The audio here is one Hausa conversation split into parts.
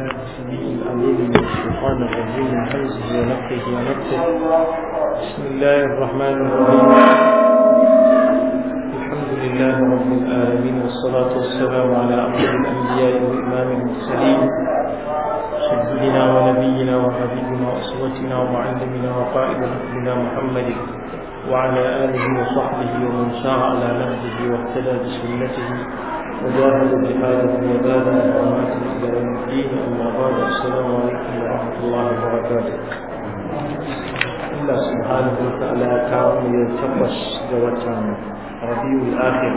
الله السميع العليم من الشيطان الرجيم من همزه ونفخه بسم الله الرحمن الرحيم الحمد لله رب العالمين والصلاة والسلام على أفضل الأنبياء وإمام المرسلين سيدنا ونبينا وحبيبنا وأسوتنا ومعلمنا وقائد ربنا محمد وعلى آله وصحبه ومن سار على نهجه واهتدى بسنته وجاهدوا جهادكم وبادا وامعتم الى يوم الدين اما بعد السلام عليكم ورحمه الله وبركاته. الا سبحانه وتعالى كان يلتقص جوته ربيع الاخر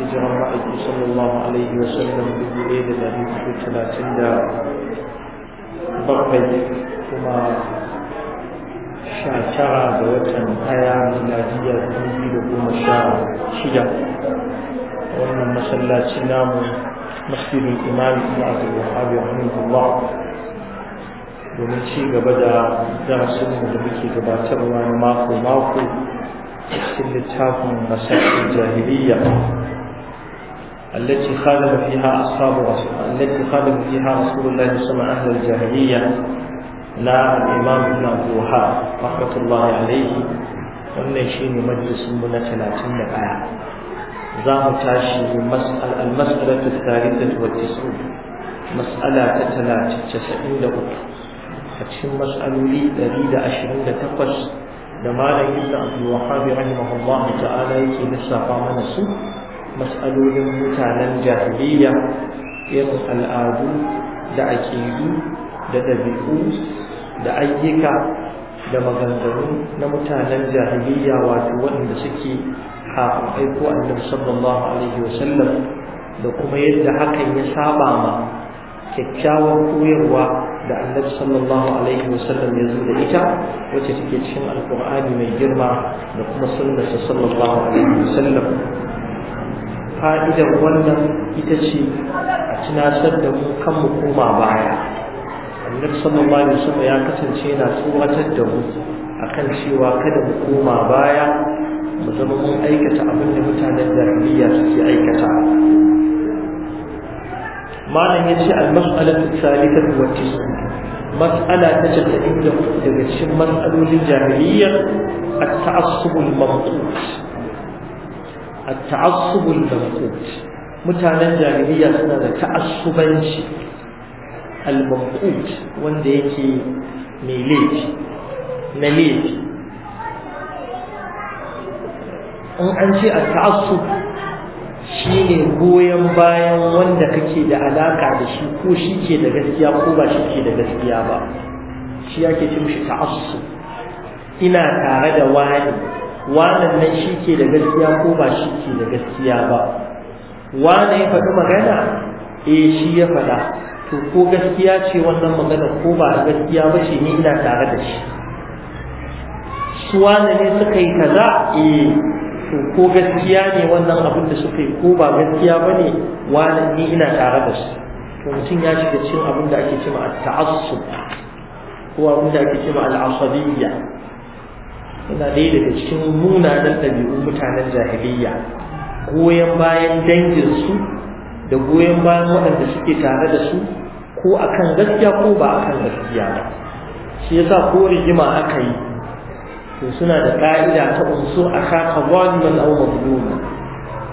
هجر الرائد صلى الله عليه وسلم بالعيد الذي في ثلاثين دار بقي كما شاشا جوته حياه ميلاديه تنزيل كما شاء شجره wannan masallaci namu masjidin imam ibn abdul wahhab rahimahullah domin ci gaba da darasin da muke gabatarwa na mako mako cikin littafin masakil jahiliya التي خالف فيها أصحاب رسول التي خالف فيها رسول الله صلى الله عليه وسلم أهل لا الإمام ابن عبد الوهاب رحمة الله عليه والنشين مجلس من ثلاثين za mu tashi al-mas'alatu thalithatu wa tis'un mas'ala ta talatin casa'in da uku a cikin mas'aloli ɗari da ashirin da takwas da malam ibn abdul wahhab rahimahullahu ta'ala yake lissafa mana su mas'alolin mutanen jahiliya irin al'adu da aƙidu da dabi'u da ayyuka da maganganu na mutanen jahiliya wato waɗanda suke kafin aiko annabi sallallahu alaihi wasallam da kuma yadda hakan ya saba ma kyakkyawar koyarwa da annabi sallallahu alaihi wasallam ya zo da ita wacce take cikin alkur'ani mai girma da kuma sunnarsa sallallahu alaihi wasallam fa'idar wannan ita ce a tunasar da mu kan mu koma baya annabi sallallahu alaihi wasallam ya kasance yana tsoratar da mu akan cewa kada mu koma baya mu zama mun aikata abin da mutanen jahiliya suke aikata malam yace al-mas'alatu thalithatu wa tis'un mas'ala ta casa'in da daga cikin mas'alolin jahiliya at-ta'assub al-mamqut at-ta'assub al-mamqut mutanen jahiliya suna da ta'assubanci al-mamqut wanda yake mai laifi na laifi in an ce a ta'assu shi ne goyon bayan wanda kake da alaka da shi ko shi ke da gaskiya ko ba shi ke da gaskiya ba shi ke ce mishi ta'assu ina tare da wani wannan nan shi ke da gaskiya ko ba shi ke da gaskiya ba wani ya faɗi magana eh shi ya faɗa to ko gaskiya ce wannan magana ko ba gaskiya ba ce ni ina tare da shi su wani ne suka yi kaza eh to ko gaskiya ne wannan abin da suka yi ko ba gaskiya ba ne wani ni ina tare da su to mutum ya shiga cikin abin da ake cima ta'assub ko abin da ake cima al'asabiyya yana ɗaya daga cikin munanan ɗabi'un mutanen jahiliyya goyon bayan danginsu da goyon bayan waɗanda suke tare da su ko akan gaskiya ko ba akan gaskiya ba shi yasa ko rigima aka yi to suna da ka'ida ta unsu a kaka zaliman aw mazluma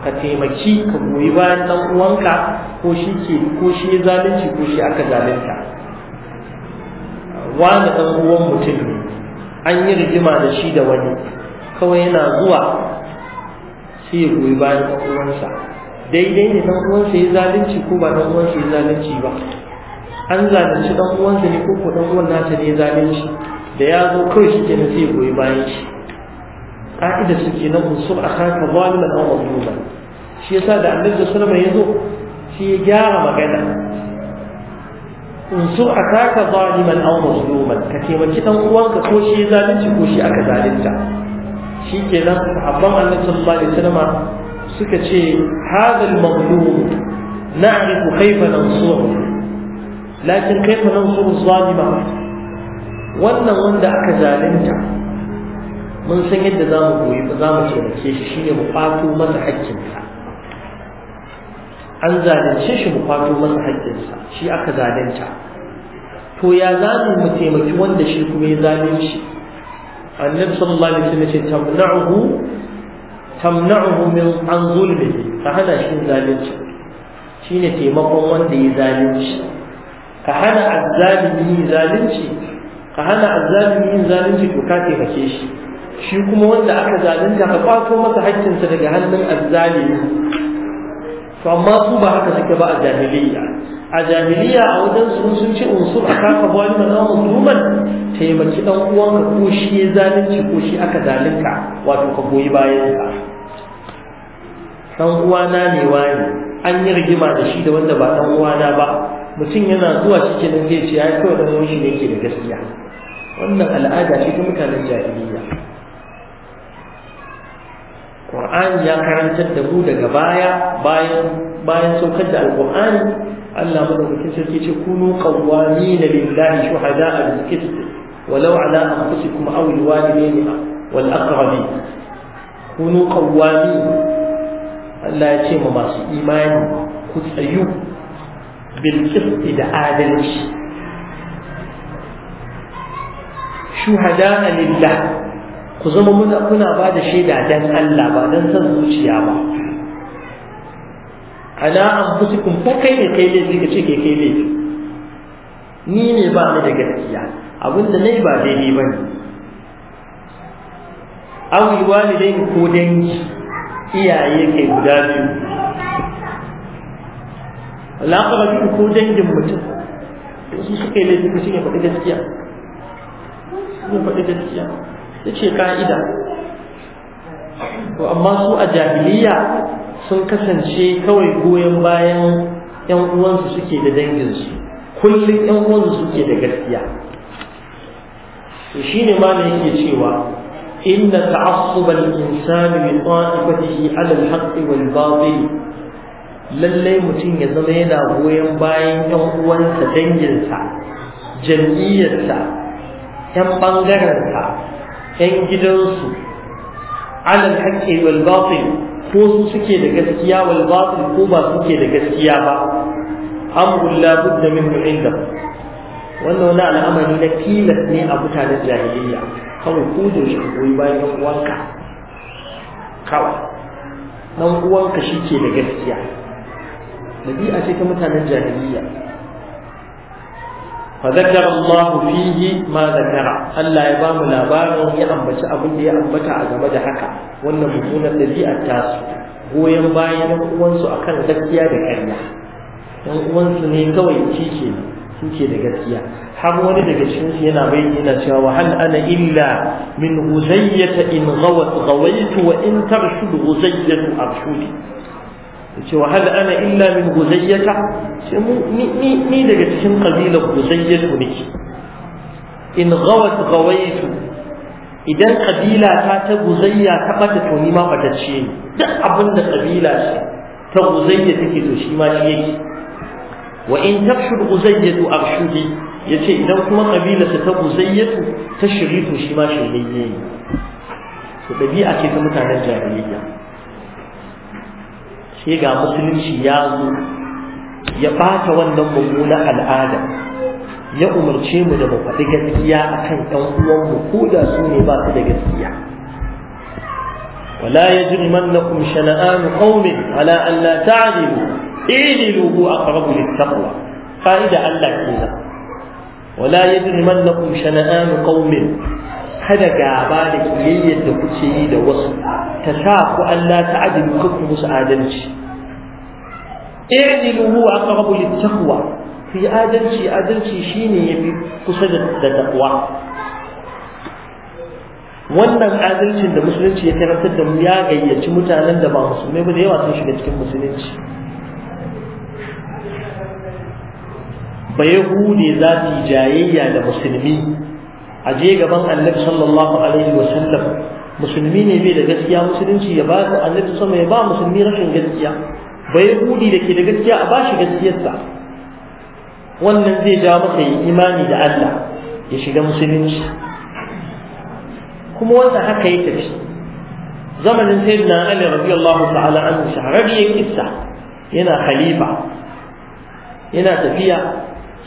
ka taimaki ka goyi bayan dan uwanka ko shi ke ko shi zalunci ko shi aka zalunta wani dan uwan mutum ne an yi rigima da shi da wani kawai yana zuwa sai ya goyi bayan dan uwansa daidai ne dan uwansa ya zalunci ko ba dan uwansa ya zalunci ba an zalunci dan uwansa ne ko ko dan uwan nasa ne ya zalunci da ya zo kawai shi kenan zai goyi bayan shi ka'ida su ke nan unsur a kan zaliman aw mazluman shi yasa da annabi da alaihi ya zo shi ya gyara magana unsur a kaka zaliman aw mazluman ka taimaki dan uwanka ko shi ya zalunci ko shi aka zalunta shi kenan sahabban annabi sallallahu alaihi wasallam suka ce hadha al-mazlum na'rifu kayfa nansuru lakin kayfa nansuru zalima wannan wanda aka zalunta mun san yadda za mu koyi za mu taimake shi ne mu kwato masa haƙƙinsa an zalunce shi mu kwato masa haƙƙinsa shi aka zalunta to ya za mu taimaki wanda shi kuma ya zalunci annabi sallallahu alaihi wasallam ya ce tamna'uhu tamna'uhu min an zulmihi ka hana shi zalunci shine taimakon wanda ya zalunci ka hana azzalimi zalunci ka hana azzalimi yin zalunci to ka taimake shi shi kuma wanda aka zalunta ka kwato masa haƙƙinsa daga hannun azzalimi to amma su ba haka suke ba a jahiliya a jahiliya a wajen su sun ce unsur a kafa bani mana taimaki dan uwanka ko shi ya zalunci ko shi aka zalunta wato ka goyi bayan sa dan uwana ne wani an yi rigima da shi da wanda ba dan uwana ba mutum yana zuwa shi kenan zai ce ai kawai dan shi ne yake da gaskiya wannan al'ada ce ta mutanen jahiliya Qur'ani ya karantar da mu daga baya bayan bayan saukar da Al-Qur'ani Allah madaukakin sarki ce kunu qawwamina lillahi shuhada'a bil qist walau ala anfusikum aw alwalidayn wal aqrabin kunu qawwamin Allah ya ce ma masu imani ku tsayu بالقسط دعادل شهداء لله ku zama muna kuna ba da shaida dan Allah ba dan san zuciya ba ala anfusikum fa kai ne kai laifi ka ce kai kai laifi ni ne ba ni da gaskiya nayi ba daidai ba ne awi ko dangi iyaye kai guda biyu biyu ko dangin mutum su suka yi laifi mutum ya faɗi gaskiya ya faɗi gaskiya ya ce ka'ida to amma su a jahiliya sun kasance kawai goyon bayan yan uwansu suke da danginsu kullum yan uwansu suke da gaskiya shi ne ma na yake cewa inna ta'assubal insani min ta'ifatihi 'ala al-haqqi wal batil lallai mutum ya zama yana goyon bayan yan uwansa danginsa jam'iyyarsa yan ɓangarensa yan gidansu alal haƙƙi wal batil ko su suke da gaskiya wal batil ko ba suke da gaskiya ba amrul la budda min inda wannan wani al'amari na tilas ne a mutanen jahiliya kawai ko da shi goyi bayan yan uwanka kawai dan uwanka shi ke da gaskiya ɗabi'a ce ta mutanen jahiliya فذكر الله فيه ما ذكر Allah ya bamu labarin ya ambaci abin da ya ambata a game da haka wannan mummunar dabi'ar tasu goyon bayan ɗan uwansu akan gaskiya da karya ɗan uwansu ne kawai shi ke ke da gaskiya har wani daga cikin su yana bai yana cewa wa hal ana illa min huzayyata in ghawat ghawaitu wa in tarshudu huzayyatu yace wa hal ana illa min guzayyata ce ni ni daga cikin qabilar guzayyatu nake in ghawat ghawaitu idan kabila ta ta guzayya ta bata to ni ma batacce ne duk abin da kabila ce ta guzayya take to shi ma shi yake wa in tafshud guzayyatu abshudi yace idan kuma kabila ta ta guzayyatu ta shiri shi ma shiriyye ne to dabi'a ce ta mutanen jahiliyya sai ga musulunci ya zo ya ɓata wannan mummunan al'ada ya umarce mu da mu faɗi gaskiya a kan ɗan uwanmu ko da su ne ba su da gaskiya ولا يجرمنكم شنآن قوم على أن لا تعدلوا اعدلوا أقرب للتقوى قائد الله كذا ولا يجرمنكم شنآن قوم kada gaba da kiyayyar da kuke yi da wasu ta sa ku Allah ta adilu ku musu adalci Irin i'dilu huwa aqrabu littaqwa fi adalci adalci shine yafi kusa da taqwa wannan adalcin da musulunci ya karantar da mu ya gayyaci mutanen da ba musulmai ba da yawa sun shiga cikin musulunci ba yahude za su yi jayayya da musulmi a je gaban annabi sallallahu alaihi wa sallam musulmi ne bai da gaskiya musulunci ya ba annabi sama ya ba musulmi rashin gaskiya bai hudi da ke da gaskiya a bashi gaskiyarsa wannan zai ja maka yi imani da Allah ya shiga musulunci kuma wannan haka ya tafi zamanin sayyidina Ali radiyallahu ta'ala anhu shahararriyar kissa yana khalifa yana tafiya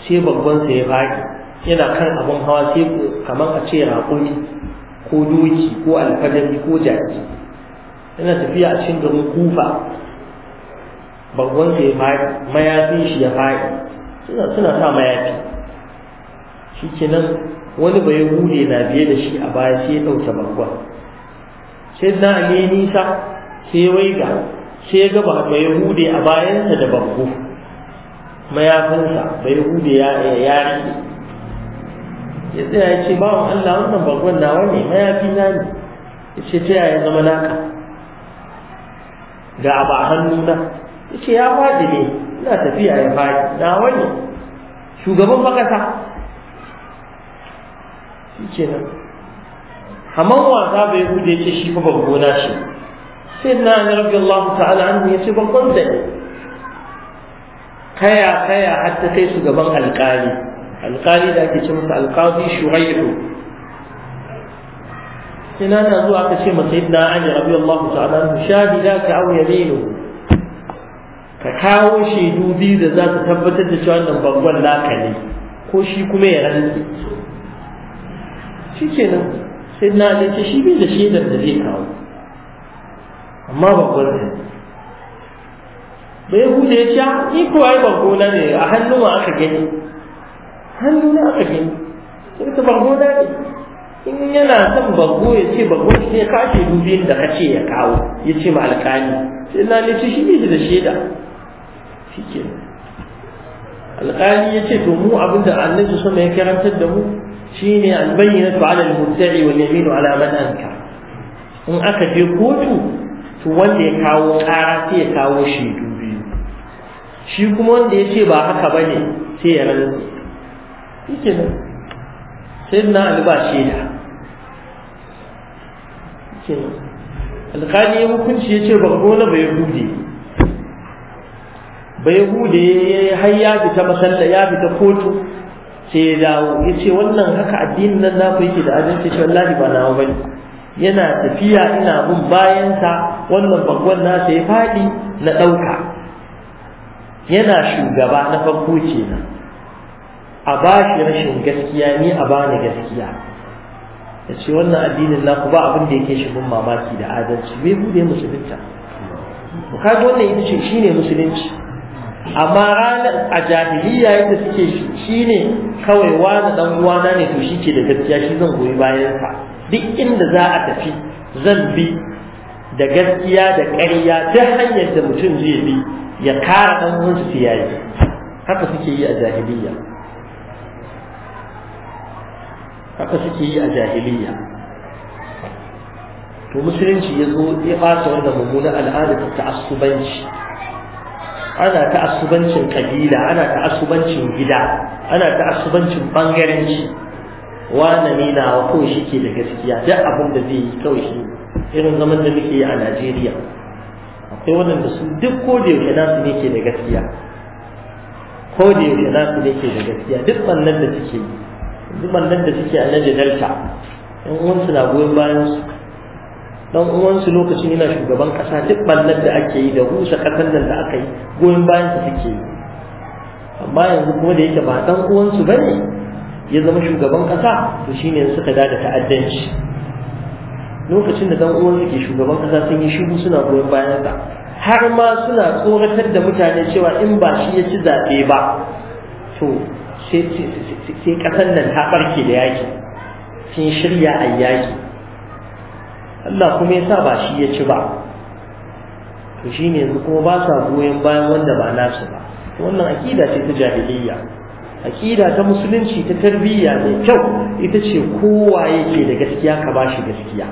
sai babban sa ya baki yana kan abin hawa sai kamar a ce raƙumi ko doki ko alfajari ko jaji. yana tafiya a cikin garin kufa bangon ya faɗi mayafin shi ya faɗi suna suna sa mayafi shi kenan wani bai hude na biye da shi a baya sai ya ɗauke bangon sai na ne nisa sai waiga sai ya gaba bai hude a bayansa da bangon. mayafinsa bai hude ya ya ya tsaya ya ce wa Allah wannan bangon nawa ne mayafi na ne ya ce ta yaya zama naka ga ba hannu na ya ce ya faɗi ne ina tafiya ya faɗi nawa ne shugaban makasa shi ke nan haman wasa bai hude ya ce shi fa bango na shi sai na ni rabbi Allah ta'ala an ya ce bangon da ne kaya kaya hatta ta kai shugaban alƙali alƙali da ake ce masa alƙazi shuraihu ina na zuwa aka ce masa ibn ali radiyallahu ta'ala da ka auya yaminu ka kawo shaidu biyu da za ka tabbatar da cewa wannan bangon naka ne ko shi kuma ya rantsi shi nan sai na ali ce shi biyu da shaidar da zai kawo amma bangon ne bai hude ya ce ni kuwa ai bango na ne a hannun ma aka gani hannu na aka gani in ta bargo na ne in yana son bargo ya ce bargo shi ne kashe dubin da ka ce ya kawo ya ce ma alƙali sai na ne ce shi ne da shaida shi ke alƙali ya ce to mu abin da annabi sama ya karantar da mu shine albayyinatu ala al-mubtadi wal yaminu ala man ankara in aka je kotu to wanda ya kawo ƙara sai ya kawo shaidu biyu shi kuma wanda ya ce ba haka bane sai ya rantsi ike nan sai na alba da ike nan alkali ya hukunci ya ce bango na bai hude bai hude ya har ya fita masalla ya fita kotu sai ya dawo ya ce wannan haka addinin nan naku yake da adalci ce wallahi ba nawa bane yana tafiya ina bin bayansa wannan bangon nasa ya faɗi na ɗauka yana shugaba na farko kenan a ba shi rashin gaskiya ni a bani gaskiya ya ce wannan addinin ku ba abin da yake shigun mamaki da adalci bai bude musulunta kaga wannan ita ce shine musulunci amma ranar a jahiliya yadda suke shine kawai wani dan uwana ne to shi ke da gaskiya shi zan goyi bayan sa duk inda za a tafi zan bi da gaskiya da ƙarya ta hanyar da mutum zai bi ya kara dan uwansa su yayi haka suke yi a jahiliya haka suke yi a jahiliya to musulunci ya zo ya fasa wanda mummuna al'ada ta ta'assubanci ana ta'assubancin kabila ana ta'assubancin gida ana ta'assubancin bangaranci wanda ne na wato shi ke da gaskiya duk abin da zai yi kawai shi irin zaman da muke yi a Najeriya akwai waɗanda su duk ko da yaushe nasu ne ke da gaskiya ko da yaushe nasu ne ke da gaskiya duk wannan da suke yi zuban nan da suke a naje delta ɗan uwansu na goyon bayan su ɗan uwansu lokacin yana shugaban ƙasa duk ɓallar da ake yi da rusa ƙasar nan da aka yi goyon bayan su suke yi amma yanzu kuma da yake ba ɗan uwansu ba ne ya zama shugaban ƙasa to shine suka dada ta'addanci lokacin da ɗan uwansu ke shugaban ƙasa sun yi shiru suna goyon bayan sa har ma suna tsoratar da mutane cewa in ba shi ya ci zaɓe ba to sai ƙasar nan ta ɓarke da yaƙi sun shirya a yaƙi Allah kuma ya sa ba shi ya ci ba to shi ne yanzu kuma ba sa goyon bayan wanda ba nasu ba wannan aƙida ce ta jahiliya aƙida ta musulunci ta tarbiyya mai kyau ita ce kowa yake da gaskiya ka ba shi gaskiya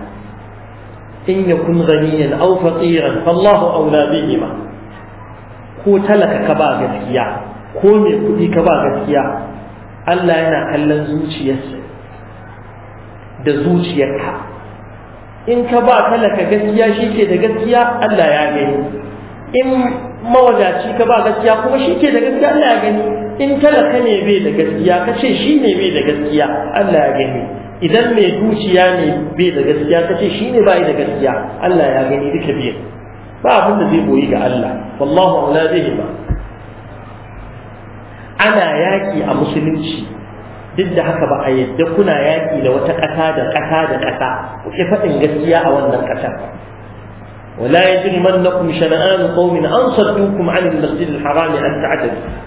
in ya yakun ghaniyan aw faqiran fallahu aula bihima ko talaka ka ba gaskiya ko mai kuɗi ka ba gaskiya Allah yana kallon zuciyarsa da zuciyarka in ka ba talaka gaskiya shi ke da gaskiya Allah ya gani in mawadaci ka ba gaskiya kuma shi ke da gaskiya Allah ya gani in talaka ne bai da gaskiya ka ce shi ne bai da gaskiya Allah ya gani idan mai dukiya ne bai da gaskiya ka ce shi ne bai da gaskiya Allah ya gani duka biyu ba abin da zai boyi ga Allah wallahu aula bihi ba ana yaƙi a musulunci duk da haka ba a yadda kuna yaƙi da wata ƙasa da ƙasa da ƙasa ku ki faɗin gaskiya a wannan ƙasar ولا يجرمنكم شنآن قوم أن صدوكم عن المسجد الحرام أن تعتدوا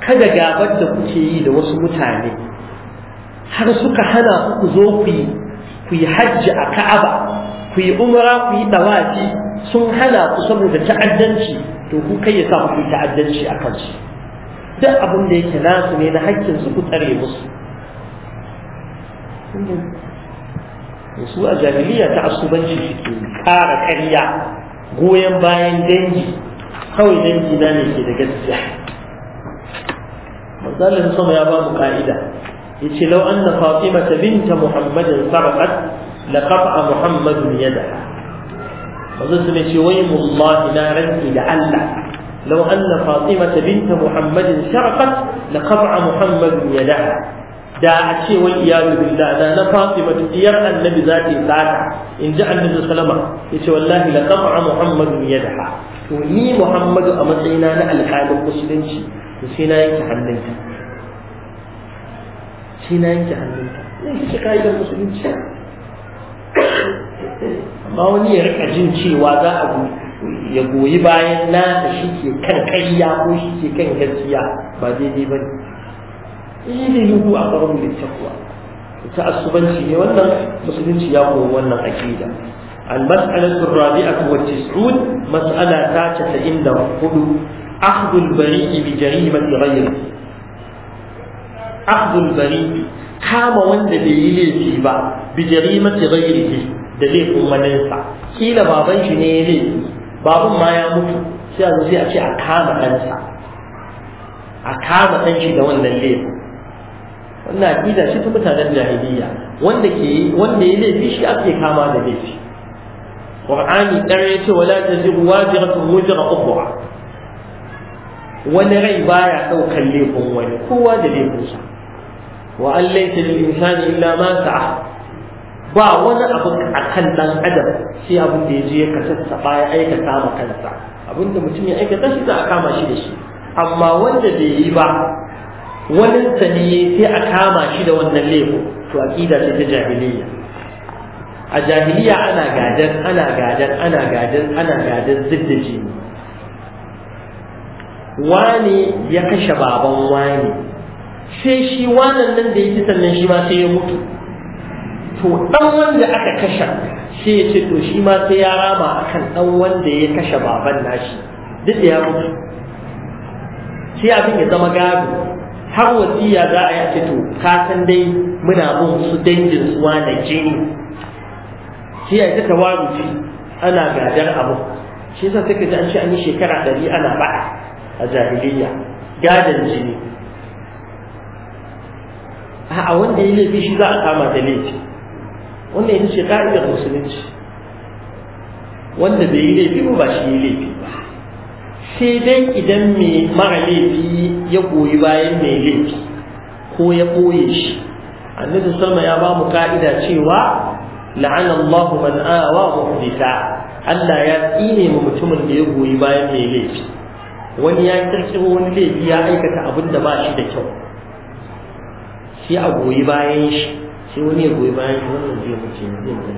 kada gabar da kuke yi da wasu mutane har suka hana ku zo ku yi hajji a Ka'aba ku yi umra ku yi sun hana ku saboda ta'addanci to ku kai ya sa ku ta'addanci a kansu duk abin da yake nasu ne na hakkin su ku tsare musu su a jahiliya ta asubanci suke kara ƙarya goyon bayan dangi kawai dangi na ne ke da gaskiya misalin sama ya ba mu ka'ida lau an nafafi fatima binta muhammadin sarqat laqata muhammadun yadaha manzo sun ce wai wallahi na ranki da Allah law anna fatima binta muhammadin na la qat'a muhammadun yadaha da a ce wai iyadu billah da na fatima diyar annabi za ta tsaka in ji annabi sallama yace wallahi la qat'a muhammadun yadaha to ni muhammadu a matsayina na alƙalin musulunci to sai na yanke amma wani ya rika jin cewa za a ya goyi bayan na da shi ke kan kariya ko shi ke kan gaskiya ba daidai ba ne ilimi hu a ƙwarar littafuwa ta asubanci ne wannan musulunci ya koyi wannan aƙida المسألة الرابعة والتسعون مسألة تاجة عند الخلو أخذ البريء بجريمة غيره أخذ البريء كام وند بيلي ba بجريمة غيره da laifin waninsa kila baban shi ne ya laifi baban ma ya mutu sai a zai a ce a kama ɗansa a kama ɗan shi da wannan laifin wannan aƙida shi ta mutanen jahiliya wanda ke wanda ya laifi shi ake kama da laifi qur'ani dan ya ce wala taziru wajiratun wujra ukhra wani rai baya ɗaukar laifin wani kowa da laifinsa wa an laysa lil insani illa ma sa'a ba wani abu a kan dan adam sai abin da ya je ka ba ya aikata ma kansa abin da mutum ya aikata shi za a kama shi da shi amma wanda bai yi ba wani saniye sai a kama shi da wannan laifin to aqida ce ta jahiliya a jahiliya ana gadar ana gadar ana gadar ana zub zidda jini wani ya kashe baban wani sai shi wanan nan da ya ci sannan shi ma sai ya mutu to dan wanda aka kashe sai ya ce to shi ma sai ya rama akan dan wanda ya kashe baban nashi duk da ya mutu sai abin ya zama gado har wasiya za a yi ce to ka san dai muna bin su dangin su na jini sai ya ta ce ana gadar abu shi yasa take ji an ce an yi shekara ɗari ana ba'a a jahiliya gadon jini a wanda ya laifi shi za a kama da laifi wannan ita ce ka'idar musulunci wanda bai yi laifi ba shi yi laifi ba sai dai idan mai mara laifi ya goyi bayan mai laifi ko ya ɓoye shi annabi sama ya ba mu ka'ida cewa la'ana Allahu man awa muhdisa Allah ya tsine mu mutumin da ya goyi bayan mai laifi wani ya kirkiro wani laifi ya aikata abin da ba shi da kyau sai a goyi bayan shi sai wani ya goyi bayan wannan zai wuce zai wuce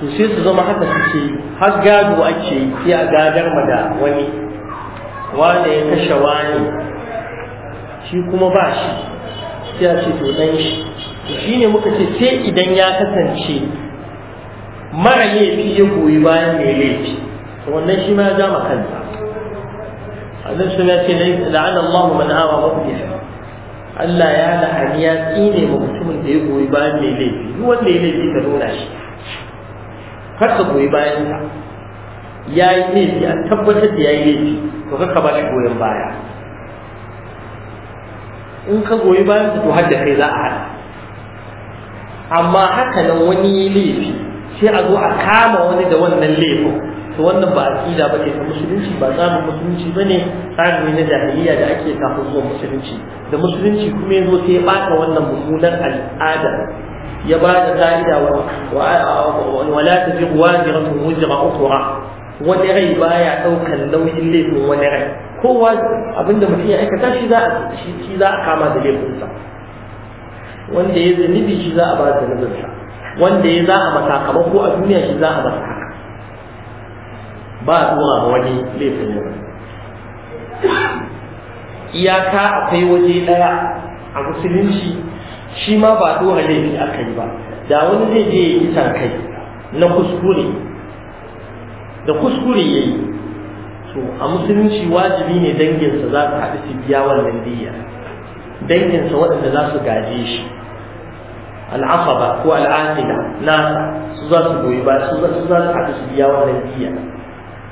to sai su zama haka suke har gado ake yi a gadar ma da wani wanda ya kashe wani shi kuma ba shi sai a ce to dan shi muka ce sai idan ya kasance mara yafi ya goyi bayan mai laifi wannan shi ma ya jama kansa annabi sun ya ce la'ana Allahu man awa mufliha Allah ya la'ani ya tsine ma mutumin da ya goyi bayan mai laifi duk wanda ya laifi ka nuna shi kar ka goyi bayan sa ya yi laifi a tabbatar da ya yi laifi to kar ka ba shi goyon baya in ka goyi bayan su har da kai za a hana amma haka nan wani laifi sai a zo a kama wani da wannan laifin to wannan ba aqida ba ce ta musulunci ba tsarin musulunci ba ne tsarin na jahiliya da ake kafin zuwa musulunci da musulunci kuma ya zo sai ya bata wannan mummunar al'ada ya ba da ka'ida wa la tazigu waziratu wuzra ukhra wani rai baya ɗaukan nauyin laifin wani rai kowa abinda mutum ya aikata shi za a kama da laifinsa wanda ya zanibi shi za a ba nazarta. wanda ya za a masa ko a duniya shi za a masa haka ba a tura ma wani laifin yau iyaka akwai waje ɗaya a musulunci shi ma ba dora laifi aka yi ba da wani zai je ya yi kai na kuskure da kuskure ya yi. to a musulunci wajibi ne danginsa za su haɗu su biya wannan diya danginsa waɗanda za su gaje shi ba ko al'asila na su za su goyi ba su za su haɗu su biya wannan diya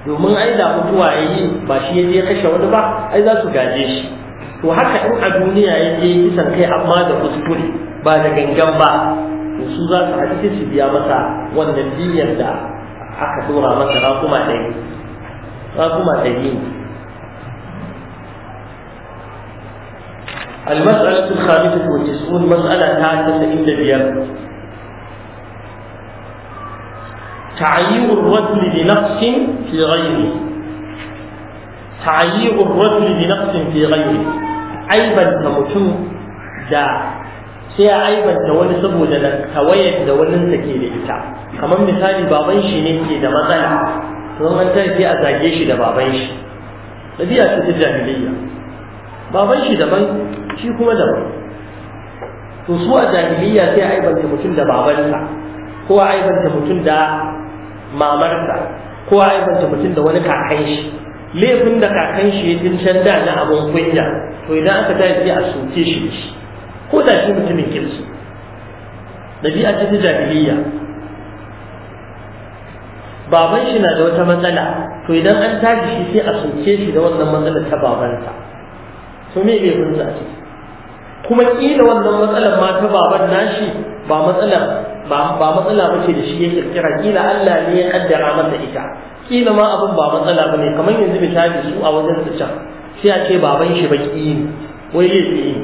domin ai da mutuwa ya yi ba shi ya je kashe wani ba ai za su gaje shi to haka in a duniya ya je kisan kai amma da kuskure ba da gangan ba su za su haɗu su biya masa wannan diyan da aka dora masa raƙuma ɗari raƙuma ɗari ne المسألة الخامسة والتسعون مسألة تاسعة إلى بيار تعيير الرجل بنقص في غيره تعيير الرجل بنقص في غيره أيضا كمتم دا sai ya aibanta wani saboda na tawayar da wani ke da ita kamar misali baban shi ne ke da matsala to an tarfi a zage shi da baban shi tabi'a ta jahiliya baban shi daban shi kuma daban to su a jahiliya sai a aibanta mutum da babansa ko a aibanta mutum da mamarsa ko a aibanta mutum da wani kakan shi laifin da kakan shi ya tincan da na abin kunya to idan aka tashi a soke shi ko da shi mutumin kirsu a ta jahiliya baban shi na da wata matsala to idan an tashi shi sai a soke shi da wannan matsala ta babansa to me bai kun sa ce kuma kila wannan matsalar ma ta baban nashi ba matsala ba ba matsala bace da shi ya kirkira kila Allah ne ya kaddara masa ita kila ma abin ba matsala bane kamar yanzu tafi su a wajen su can sai a ce baban shi ki ne wai laifi ne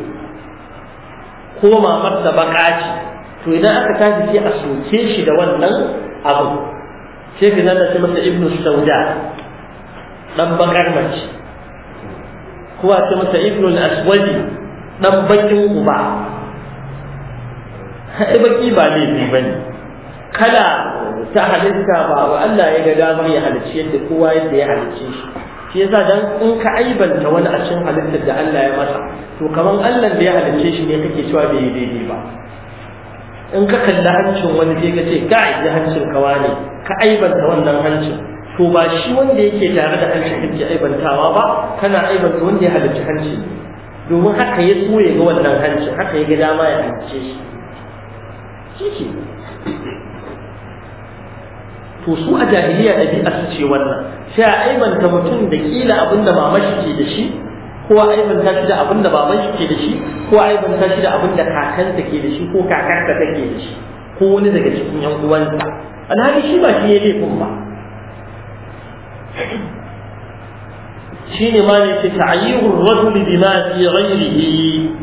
ko mamarsa baka ce to idan aka tashi sai a soke shi da wannan abu sai ka zana ce masa ibnu sauda dan bakar mace ko a ce masa ibnu al-aswadi dan bakin uba ai baki ba laifi bane kala ta halitta ba wa Allah ya ga damar ya halicci yadda kowa yadda ya halicce shi shi yasa dan in ka aibanta wani a cikin halittar da Allah ya masa to kaman Allah da ya halicce shi ne kake cewa bai daidai ba in ka kalli hancin wani sai ka ce ka ji hancin kawa ne ka aibanta wannan hancin to ba shi wanda yake tare da hancin kake aibantawa ba kana aibanta wanda ya halarci hanci domin haka ya so ya ga wannan hancin haka ya ga dama ya halicce shi shi to su a jahiliya ɗabi'a su ce wannan sai a aibanta mutum da kila abinda mamashi ke da shi ko a aibanta shi da abin da baban shi ke da shi ko a aibanta da abin da kakanta ke da shi ko kakarsa take da shi ko wani daga cikin yan uwansa alhali shi ba shi ya laifin ba shine ma ne ce ta'ayyurur rajul bima fi ghayrihi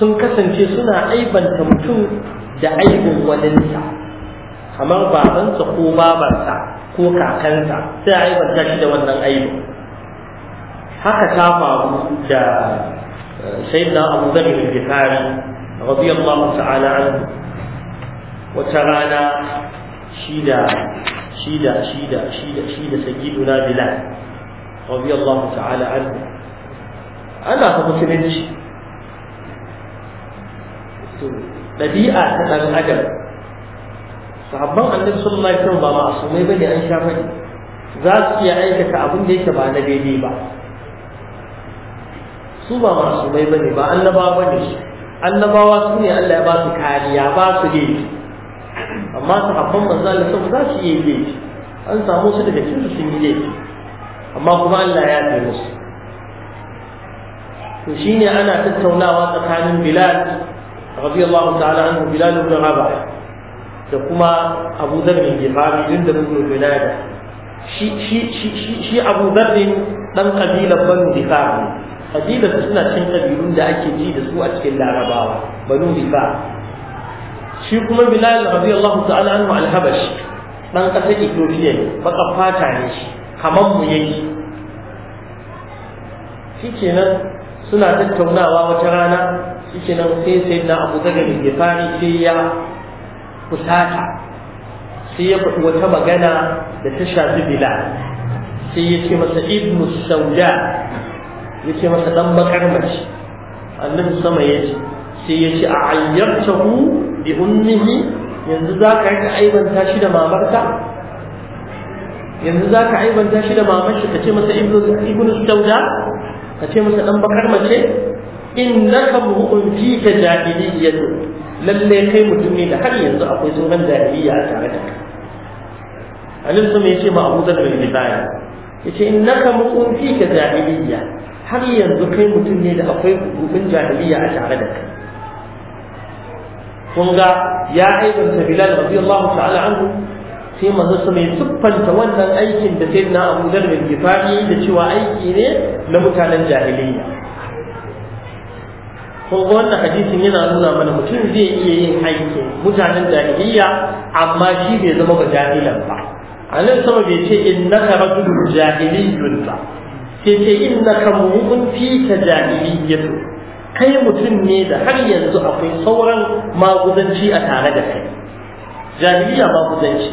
sun kasance suna aibanta mutum da aibin waninsa kamar babansa ko babarsa ko kakansa sai a aibanta shi da wannan aibin haka ta faru da sai eh, sayyidina Abu Dharr al-Ghifari radiyallahu ta'ala anhu wata rana shi da shi da shi da shi da shi da sayyiduna Bilal radiyallahu ta'ala anhu ana ta musulunci to dabi'a ta dan adam sahabban annabi sallallahu alaihi wasallam ba ma'asumai bane an sha bane za su iya aikata abin da yake ba na daidai ba su ba masumai bane ba annabawa ne. su annabawa su ne Allah ya ba su kariya ba su laifi amma su haɓɓan manzo Allah sun za su yi laifi an samu su daga cikin sun yi laifi amma kuma Allah ya kai musu to shine ana tattaunawa tsakanin Bilal radiyallahu ta'ala anhu Bilal ibn Rabah da kuma Abu Dharr bin Ghifari din da ibn Bilal shi shi shi shi Abu Dharr dan kabilar Banu Ghifari kabila suna cin kabilun da ake ji da su a cikin larabawa banu ba. shi kuma bilal radiyallahu ta'ala anhu al-habash dan kasar ethiopia ne baka fata ne shi kamar mu yake shikenan suna tattaunawa wata rana shikenan sai sai na abu daga da fari sai ya kusata sai ya faɗi wata magana da ta shafi bilal sai ya ce masa ibnu sauda ya ce masa dan bakar mace annabi sama ya ce sai ya ce a ayyartahu bi ummihi yanzu za ka rika aibanta shi da mamarta yanzu za ka aibanta shi da mamar shi ka ce masa ibnu sauda ka ce masa dan bakar mace innaka mu'un fika jahiliyyatu lalle kai mutum ne da har yanzu akwai tsoron jahiliyya a tare da kai alim sama ya ce ma Abu Dharr bin Bidaya yace innaka mu'un fika jahiliyya har yanzu kai mutum ne da akwai hudubin jahiliya a tare da kai kun ga ya aibanta bilal radiyallahu ta'ala anhu sai manzo su mai wannan aikin da sai na abu dar bin gifari da cewa aiki ne na mutanen jahiliya kun ga wannan hadisin yana nuna mana mutum zai iya yin aiki mutanen jahiliya amma shi bai zama ba jahilan ba a nan sama bai ce innaka rajulun jahiliyun ba sai ce innaka mu'un fi ka jahiliyyatu kai mutum ne da har yanzu akwai sauran maguzanci a tare da kai jahiliya maguzanci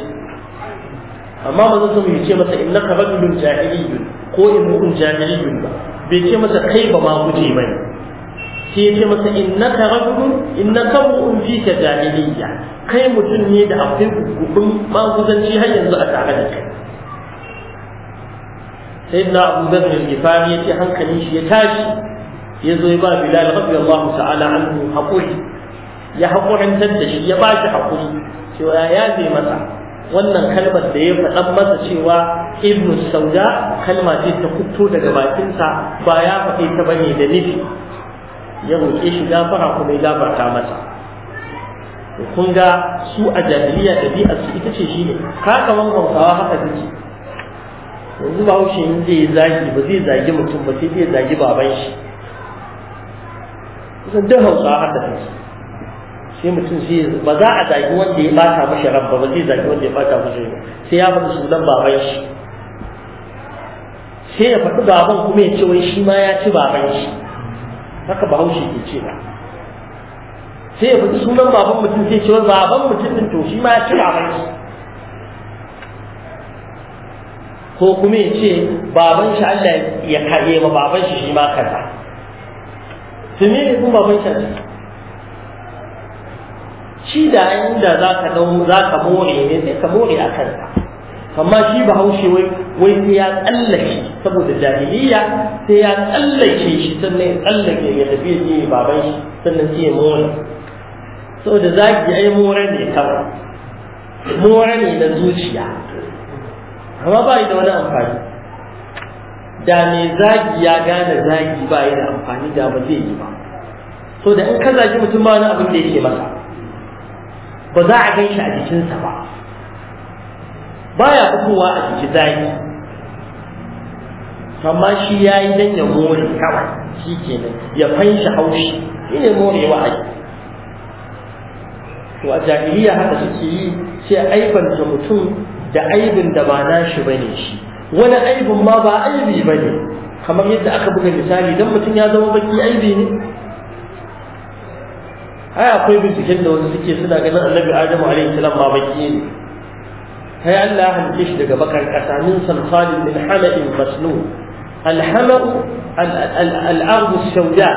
amma ba zan so mu ce masa innaka rajulun jahiliyyun ko in imru'un jahiliyyun ba bai ce masa kai ba maguje bane sai ya ce masa innaka rajulun innaka mu'un fi ka jahiliyya kai mutum ne da akwai gugubin maguzanci har yanzu a tare da kai sayyidina abu dharr al-ghifari yace hankalin shi ya tashi ya zo ya ba bilal radiyallahu ta'ala anhu hakuri ya hakurantar da shi ya ba shi hakuri Yaya ya zai masa wannan kalmar da ya faɗan masa cewa ibnu sauda kalma ce ta fito daga bakinsa ba ya faɗi ta bane da nufi ya roƙe shi gafara kuma ya gafarta masa kun ga su a jahiliya ɗabi'ar su ita ce shine ne ka kaman hausawa haka take yanzu ba haushin in zai zagi ba zai zagi mutum ba sai zai zagi baban shi kusan duk hausa haka take sai mutum sai ba za a zagi wanda ya bata mashi rabba ba zai zagi wanda ya bata mashi rabba sai ya faɗi sunan baban shi sai ya faɗi baban kuma ya ce wai shi ma ya ci baban shi haka ba haushe ke ce ba sai ya faɗi sunan baban mutum sai ce wai baban mutum din to shi ma ya ci baban shi ko kuma ya ce baban shi Allah ya kare ma baban shi shi ma kaza to me ne kuma baban shi shi da inda za ka dau za ka more ne sai ka more a kansa amma shi bahaushe wai wai sai ya tsallake saboda jahiliya sai ya tsallake shi sannan ya tsallake ya tafi ya baban shi sannan sai ya more saboda zaki ai more ne kawai more ne na zuciya amma ba yi da wani amfani da me zagi ya gane zagi ba yi da amfani da ba zai yi ba so da in ka zagi mutum ba wani abin da yake masa ba za a gan shi a jikinsa ba baya fitowa a jiki zagi amma shi ya yi don ya more kawai shi kenan ya shi haushi shi ne morewa a jiki to a jahiliya haka suke yi sai aibanta mutum da aibin da ba nashi bane shi wani aibin ma ba aibi bane kamar yadda aka buga misali dan mutum ya zama baki aibi ne ai akwai binciken da wasu suke suna ganin annabi adamu alaihi salam ma baki ne sai Allah ya halice shi daga bakar kasa min salsalin min hala'in masnun alhama'u al-ardu shawda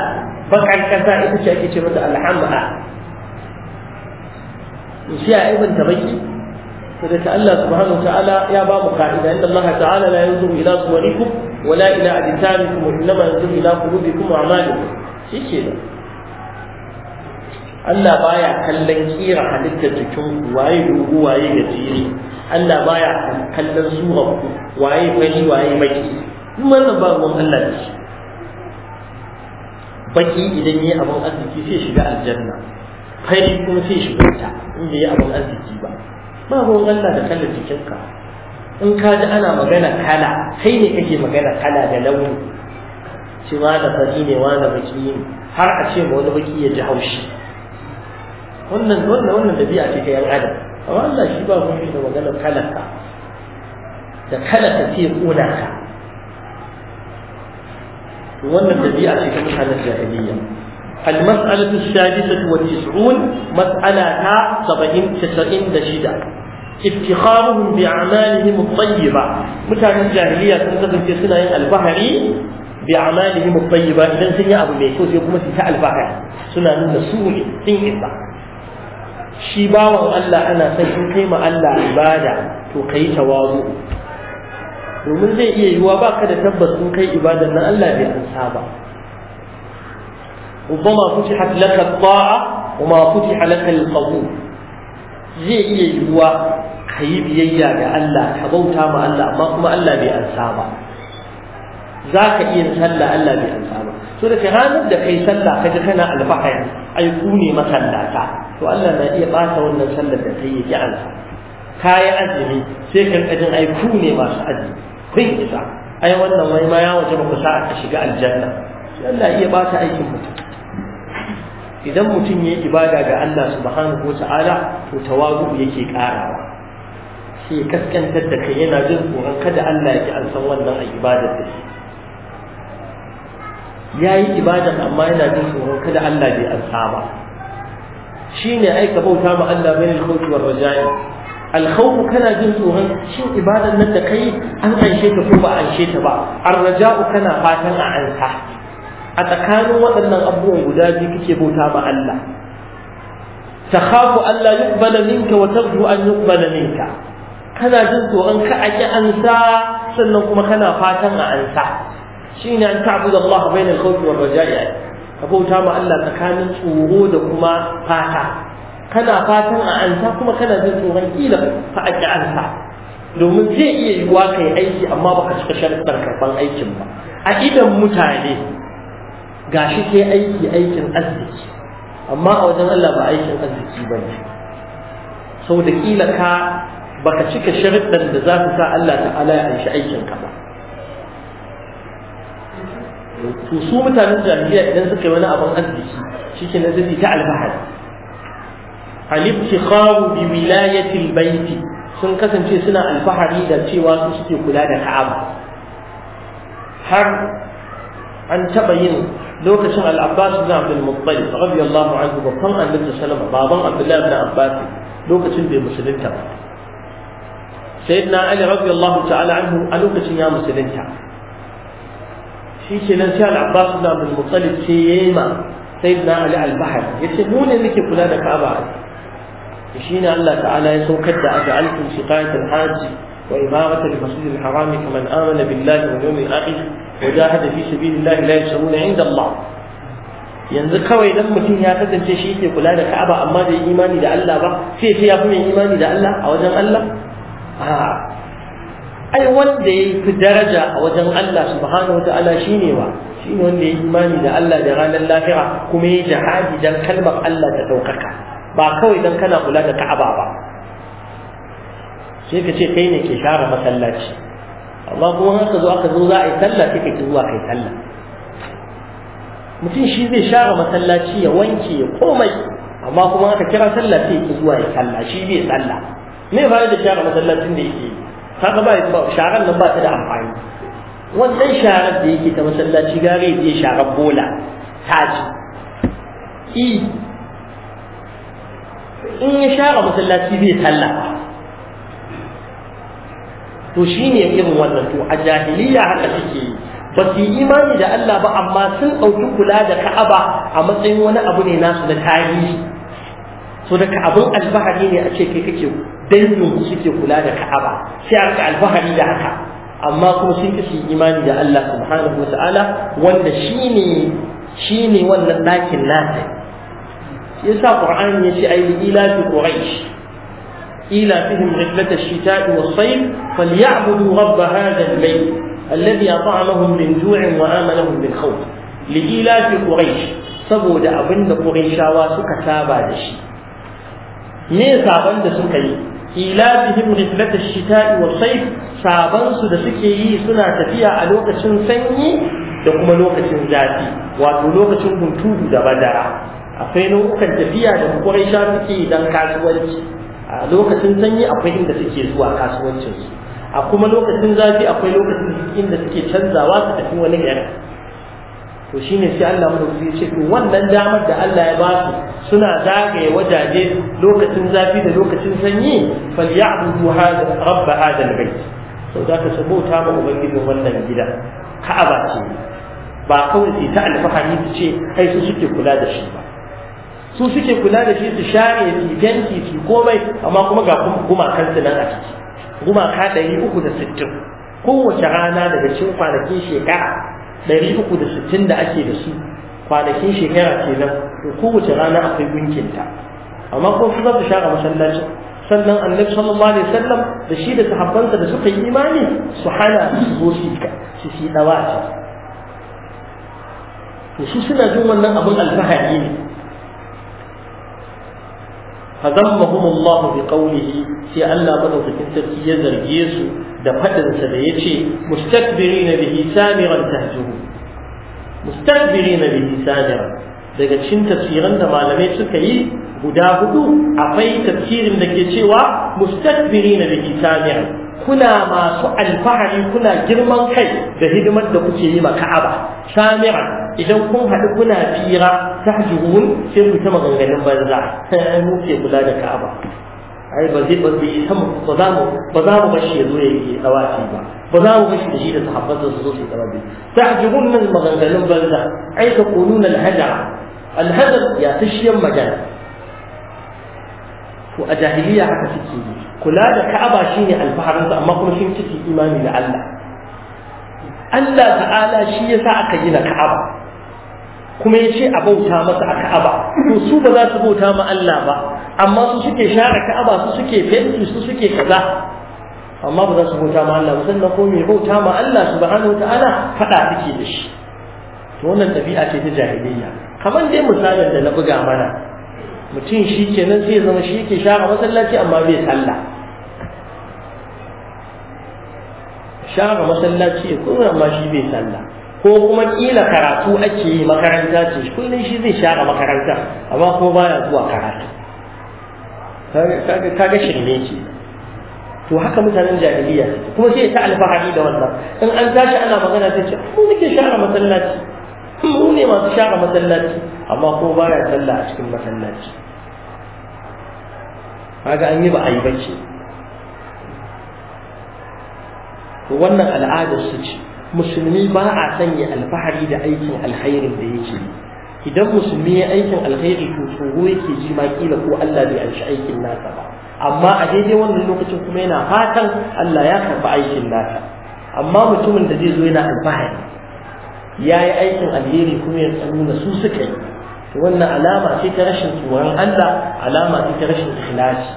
bakar kasa ita ce ake ce mata alhama'a shi a aibin ta baki فذلك الله سبحانه وتعالى يا باب قاعدة إن الله تعالى لا ينظر إلى صوركم ولا إلى أجسامكم وإنما ينظر إلى قلوبكم وأعمالكم شيء شيء Allah baya kallon kira halittar jikin waye dogo waye gajeri Allah baya kallon zuwan waye fari waye baki duk wannan ba ruwan Allah baki idan yi abin arziki sai shiga aljanna fari kuma sai shiga ta in yi abin arziki ba ba ruwan Allah da kallon jikinka in ka ji ana magana kala kai ne kake magana kala da launi ce ma da fari ne wa da baki ne har a ce ma wani baki ya ji haushi wannan wannan wannan dabi'a ce ta yan adam amma Allah shi ba ruwan da magana kalar ka da kalar ka ce kuna ka wannan da dabi'a ce ta mutanen jahiliya المسألة السادسة والتسعون مسألة سبعين تسعين دشدة افتخارهم بأعمالهم الطيبة متعن الجاهلية تنتظر في سنة البحري بأعمالهم الطيبة إذا سنة أبو ميكوس يقوم سنة البحر سنة النسول سنة shi bawan Allah ana son in kai ma Allah ibada to kai tawazu domin zai iya yiwuwa baka da tabbas in kai ibadan nan Allah bai ansa ba ربما فتحت لك الطاعة وما فتح لك القبول زي إيه يوا كيف يجا الله كبوتا ما الله ما كما الله بأنسابا ذاك إيه سلا الله بأنسابا so da ranar da kai sallah ka ji kana alfahari ai ku masallata to Allah na iya bata wannan sallar da kai yake ansa kayi azumi sai ka kajin ai ku masu azumi kun isa ai wannan wai ya waje ba ku sa shiga aljanna sai iya bata aikin mutum idan mutum yi ibada ga Allah subhanahu wata'ala to tawazu yake karawa sai kaskantar da kai yana jin tsoron kada Allah ya ji an san wannan a ibadar da shi Ya yi ibadar amma yana jin tsoron kada Allah bai an saba shine aika bauta ma Allah bai bainal khawfi war raja'i alkhawfu kana jin tsoron shin ibadar nan da kai an anshe ta ko ba anshe ta ba arraja'u kana fatan a ansa a tsakanin waɗannan abubuwan guda biyu kake bauta ma Allah khafu Allah yuqbala minka wa tarju an yuqbala minka kana jin tsoron ka a ki ansa sannan kuma kana fatan a ansa shine an ta'budu Allah bayna al-khawfi war raja'i ka bauta ma Allah tsakanin tsoro da kuma fata kana fatan a ansa kuma kana jin tsoron kila fa a ki ansa domin zai iya yiwuwa kai aiki amma baka cika sharuɗar karɓar aikin ba a idan mutane shi ke aiki aikin arziki amma a wajen Allah ba aikin arziki ba ne sau da kila ka baka cika sharuɗan da za su sa Allah ta'ala ya anshi aikin ka ba to su mutanen jahiliya idan suka yi wani abin arziki shike na ta alfahari, al-ibtikharu bi wilayati al-bayt sun kasance suna alfahari da cewa su suke kula da Ka'aba har an taɓa yin lokacin al'abbas bin abdul muttalib radiyallahu anhu babban annabi sallama baban abdullahi bin abbas lokacin bai musulunta ba sayyidina ali radiyallahu ta'ala anhu a lokacin ya musulunta shi ke nan sai al'abbas na abdul muttalib sai yi ma sayyidina ali al-bahar yace mu ne muke kula da ka'aba shi ne Allah ta'ala ya saukar da aja'alkum shiqayatul hajji وإمارة المسجد الحرام كمن آمن بالله واليوم الآخر وجاهد في سبيل الله لا يسوون عند الله yanzu kawai dan mutum ya kasance shi yake kula da Ka'aba amma da imani da Allah ba sai sai ya fi mai imani da Allah a wajen Allah a ai wanda ya fi daraja a wajen Allah subhanahu wataala shine wa shine wanda ya imani da Allah da ranar lafiya kuma ya jihadi dan kalmar Allah ta daukaka ba kawai dan kana kula da Ka'aba ba sai ka ce kai ne ke share masallaci amma kuma haka zo aka zo za a yi sallah sai ka ki zuwa kai sallah mutum shi zai share masallaci ya wanke ya komai amma kuma aka kira sallah sai ki zuwa ya sallah shi bai sallah me fara da share masallacin da yake kaga ba sharan nan ba ta da amfani wannan sharar da yake ta masallaci gare zai share bola taji i in ya share masallaci zai sallah to shine irin wannan to a jahiliya haka suke yi ba su yi imani da Allah ba amma sun ɗauki kula da Ka'aba a matsayin wani abu ne nasu na tarihi so daga abin alfahari ne a ce kai kake dangin suke kula da Ka'aba sai aka alfahari da haka amma kuma sun kashi imani da Allah subhanahu wa ta'ala wanda shine ne wannan ɗakin nasa yasa Qur'ani ya ce ayi ila fi quraish إلى بهم رحلة الشتاء والصيف فليعبدوا رب هذا البيت الذي أطعمهم من جوع وآمنهم من خوف لإيلاف قريش saboda abin da Qurayshawa suka saba da shi me saban da suka yi ilafihim riflata shita'i wa sayf saban da suke yi suna tafiya a lokacin sanyi da kuma lokacin zafi wato lokacin hunturu da badara akwai nau'ukan tafiya da Qurayshawa suke yi dan kasuwanci a lokacin sanyi akwai inda suke zuwa kasuwancinsu a kuma lokacin zafi akwai lokacin inda suke canzawa su tafi wani gari to shi ne sai Allah mu ya ce to wannan damar da Allah ya ba su suna zagaye wajaje lokacin zafi da lokacin sanyi falyabudu hada rabb hada albayt to da ka sabota ma ubangiji wannan gida ka'aba ce ba kawai sai ta alfahari ce kai su suke kula da shi ba su suke kula da shi su share su danki su komai amma kuma ga gumakan su nan a ciki ka ɗari uku da sittin kowace rana daga cikin kwanakin shekara ɗari uku da sittin da ake da su kwanakin shekara kenan to kowace rana akwai gunkinta amma kuma su za su share masallacin sannan annabi sallallahu alaihi wasallam da shi da sahabbansa da suka yi imani su hana su zo su su yi dawaci to su suna jin wannan abin alfahari ne فذمهم الله بقوله سي الله مدوكين سركي يا زرجي سو da fadin sa da yace mustakbirin bihi samiran bihi daga cikin tafsiran da malamai suka yi guda hudu akwai tafsirin da ke cewa mustakbirin bihi samiran kuna masu alfahari kuna girman kai da hidimar da kuke yi maka aba samira idan kun haɗu kuna fira ta tahjuhun sai ku ta maganganun banza sai mu ke kula da Ka'aba ai ba zai ba zai san ba za mu ba za mu bashi ya zo ya yi tsawafi ba ba za mu bashi da shi da sahabbansa su zo su yi ta tahjuhun nan maganganun banza ai ka kununa alhadar alhadar ya tashiyan magana ko a jahiliya haka suke yi kula da ka'aba shine alfaharin amma kuma sun ciki imani da Allah Allah ta'ala shi yasa aka gina ka'aba kuma ya ce a bauta masa a ka'aba to su ba za su bauta ma Allah ba amma su suke share ka'aba su suke fenti su suke kaza amma ba za su bauta ma Allah sannan ko mai bauta ma Allah subhanahu ta'ala fada take da shi to wannan tabi'a ce ta jahiliyya kamar dai misalin da na buga mana mutum shi kenan sai zama shi ke shaƙa masallaci amma bai sallah shaƙa masallaci ya kuma amma shi bai sallah ko kuma kila karatu ake yi makaranta ce kullum shi zai shaƙa makaranta amma kuma baya zuwa karatu kaga shirme ke to haka mutanen jahiliya kuma sai ta alfahari da wannan in an tashi ana magana sai ce mu muke shaƙa masallaci mu ne masu share masallaci amma ko baya sallah a cikin masallaci kaga an yi ba a yi bace to wannan al'adar su ce musulmi ba a sanya alfahari da aikin alkhairin da yake idan musulmi ya aikin alkhairi to tsoro yake ji ma kila ko Allah bai anshi aikin nasa ba amma a daidai wannan lokacin kuma yana fatan Allah ya karɓi aikin nasa amma mutumin da zai zo yana alfahari ya yi aikin alheri kuma ya tsaro na su suka yi wannan alama ce ta rashin tsoron Allah alama ce ta rashin ikhlasi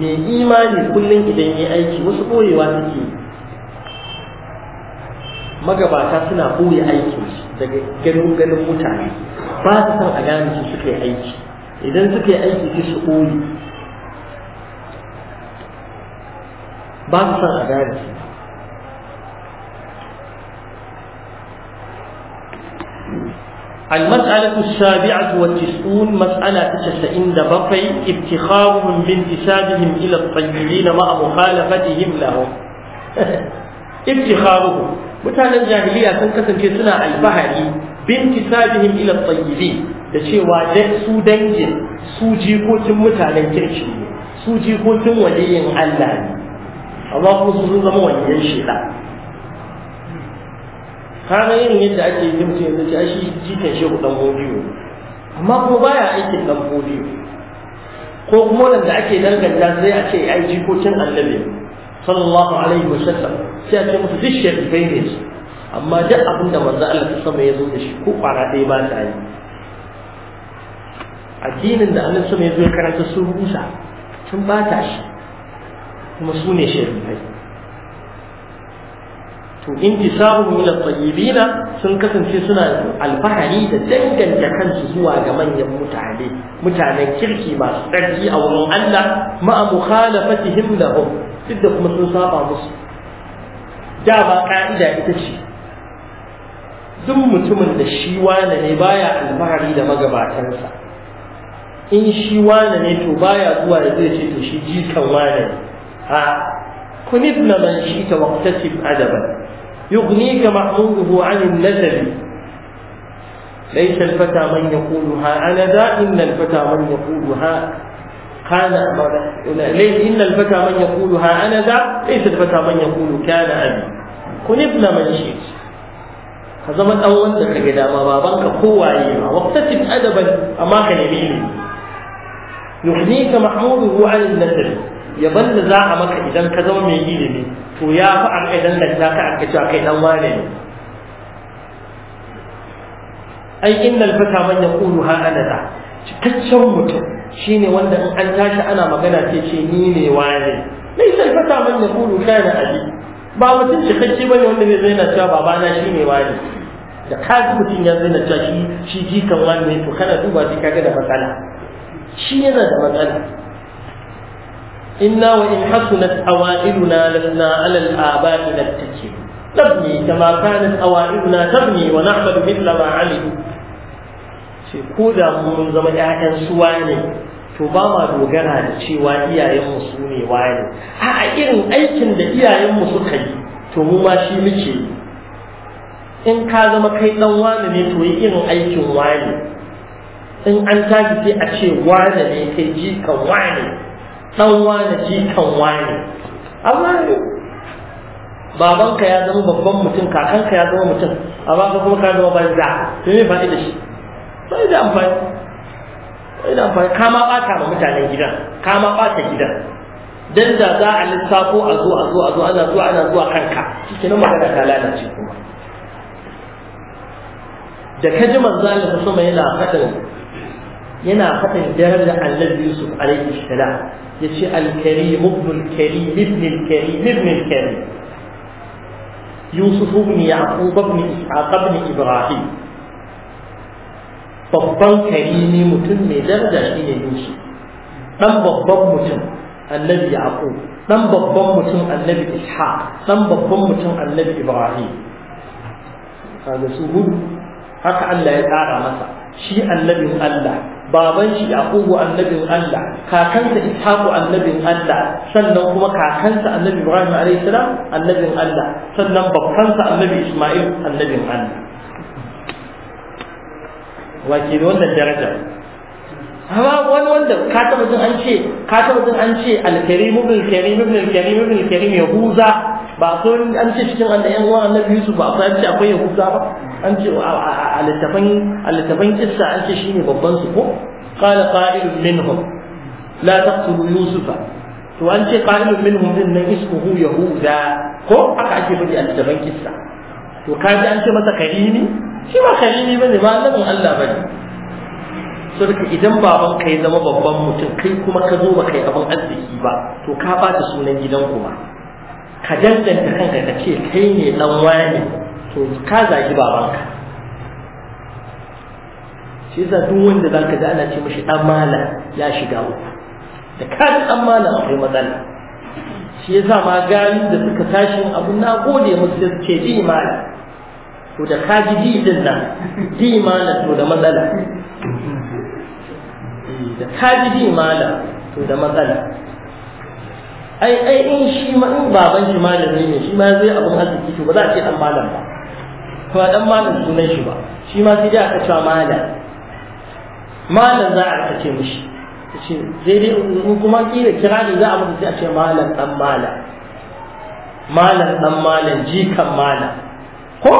mai imani kullum idan ya aiki wasu ɓoyewa suke magabata suna ɓoye aikin daga ganin ganin mutane ba su san a gane su suka yi aiki idan suka yi aiki sai su koyi ba su san a gane su المسألة السابعة والتسعون مسألة تسعين دبقي افتخارهم بانتسابهم إلى الطيبين مع مخالفتهم لهم افتخارهم متانا الجاهلية تنكسن كسنا الفهري بانتسابهم إلى الطيبين da cewa su dangin su jikokin mutanen kirki ne su jikokin waliyin Allah ne amma kuma su zama waliyan shida kaga yin yadda ake yi mutum yanzu ce shi jikan shehu dan bodiyo amma kuma baya aikin dan bodiyo ko kuma wanda ake danganta sai a ce ai jikokin annabi sallallahu alaihi wa sallam sai a ce musu duk shirkai ne amma duk abin da manzo Allah ta sama ya zo da shi ko kwana ɗaya ba ta yi addinin da Allah sama ya zo ya karanta sun rusa sun bata shi kuma su ne shirkai to intisabu min at-tayyibina sun kasance suna alfahari da danganta kansu zuwa ga manyan mutane mutanen kirki masu tsarki a wurin Allah ma'a mukhalafatihim lahum duk da kuma sun saba musu da ba ka'ida ita ce duk mutumin da shi wane ne baya alfahari da magabatansa in shi wane ne to baya zuwa da zai ce to shi jikan wane ne a kunibna man shi ta waqtasib adaban يغنيك محموده عن النسب ليس الفتى من يقول ها أنا ذا إن الفتى من يقول ها كان إن الفتى من يقول ها أنا ذا ليس الفتى من يقول كان أبي كن ابن من شئت من أول لك كده ما بابك قوة ايما واقتسب أدبا اماكن يغنيك محموده عن النسب ban da za a maka idan ka zama mai ilimi to ya fi an kai ta ka aka cewa kai dan wane ne ai innal fata man yaqulu ha ana da cikakken mutum shine wanda in an tashi ana magana sai ce ni ne wane sai fata man yaqulu kana ali ba mutum cikakke bane wanda zai zaina cewa babana shine wane da kaji mutum ya zaina cewa shi shi jikan wane to kana duba shi kaga da matsala shi yana da matsala inna wa in hasunat awailuna lanna ala al-aba'i nattaki tabni kama kanat awailuna tabni wa na'malu mithla ma alimu ce ko da mun zama ƴaƴan suwa ne to ba dogara da cewa iyayenmu su ne waye a irin aikin da iyayenmu suka yi to mu ma shi muke in ka zama kai dan wani ne to irin aikin wani in an tashi sai a ce wani ne kai jikan wani ɗan wane jikan wane amma babanka ya zama babban mutum kakanka ya zama mutum a baka kuma ka zama banza to me faɗi da shi bai da amfani bai da amfani ka ma ɓata ma mutanen gidan ka ma ɓata gidan dan da za a lissafo a zo a zo a zo ana zuwa ana zuwa kanka kenan magana ta lalace kuma da ka ji manzo Allah sama yana faɗin yana faɗin daren da annabi yusuf alaihi salam ya ce alkarim ibn alkarim ibn alkarim ibn alkarim yusuf ibn yaqub ibn ishaq ibn ibrahim babban karimi mutum mai daraja shine yusuf dan babban mutum annabi yaqub dan babban mutum annabi ishaq dan babban mutum annabi ibrahim kaga su hudu haka Allah ya tsara masa shi annabin Allah baban shi yaqubu annabin Allah kakansa ishaqu annabin Allah sannan kuma kakansa annabi ibrahim alayhi salam annabin Allah sannan babbansa annabi isma'il annabin Allah wake da wannan daraja amma wani wanda ka taba jin an ce ka taba jin an ce al-karim ibn karim ibn karim ibn karim yahuza ba so an ce cikin annabi yan uwan annabi yusuf ba akwai an ce akwai yahuza ba an ce a littafan kissa an ce shi ne babban su ko qala qa'ilun minhum la taqtulu yusufa to an ce qa'ilun minhum din nan ismuhu yahuda ko aka ake faɗi a littafan kissa to ka ji an ce masa karimi shi ba karimi bane ba annabin Allah ba ne, so daga idan baban ka ya zama babban mutum kai kuma ka zo ba kai abin arziki ba to ka bata sunan gidan kuma ka danganta kanka ka ce kai ne dan wani to ka zagi babanka shi yasa duk wanda zaka ji ana ce mishi dan malam ya shiga uku da ka ji dan malam akwai matsala shi yasa ma gani da suka tashi abu na gode musu da suke ji malam to da ka ji ji din nan ji malam to da matsala eh, da ka ji ji malam to da matsala ai ai in shi ma in baban shi malami ne shi ma zai abun arziki to ba za a ce dan malam ba to dan malam sunan shi ba shi ma sai dai aka cewa malam malam za a ce mishi ce sai dai in kuma kira kira ne za a mutu sai a ce malam dan malam malam dan malam jikan malam ko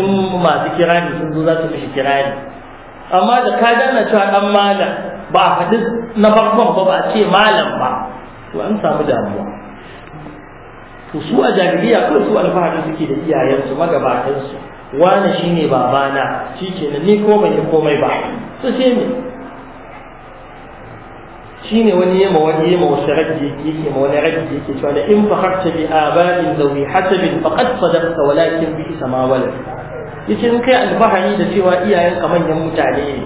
in masu kira ne sun zo za su mishi kira ne amma da ka gana cewa dan malam ba a faɗi na farkon ba ba a ce malam ba to an samu damuwa to su a jahiliya kawai su alfahari suke da iyayensu magabatansu wani shine babana shikenan ni ko ban yi komai ba to sai me shine wani yema wani yema wasu raddi yake ma wani raddi yake cewa da in fakharta bi abalin zawi hasabin faqad sadaqta walakin bi sama walad yace in kai alfahari da cewa iyayen ka manyan mutane ne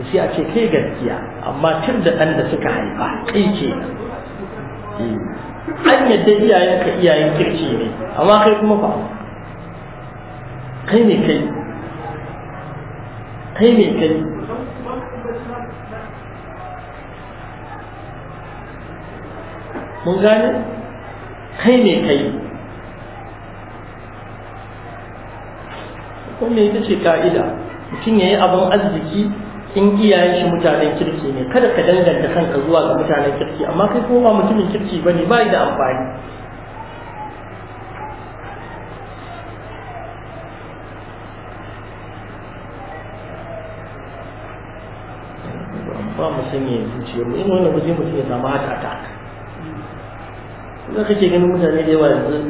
to sai a ce kai gaskiya amma tun da ɗan da suka haifa kai ke eh. an yadda iyayen ka iyayen kirki ne amma kai kuma fa kai ne kai kai ne kai mun gane kai ne kai wannan ita ce ka'ida mutum ya yi abin arziki in iyayen shi mutanen kirki ne kada ka danganta kanka zuwa ga mutanen kirki amma kai kuma ba mutumin kirki ba ne ba da amfani sun sanya zuciyar mu in wannan ba mutum ya samu haka ta za kake ganin mutane da yawa yanzu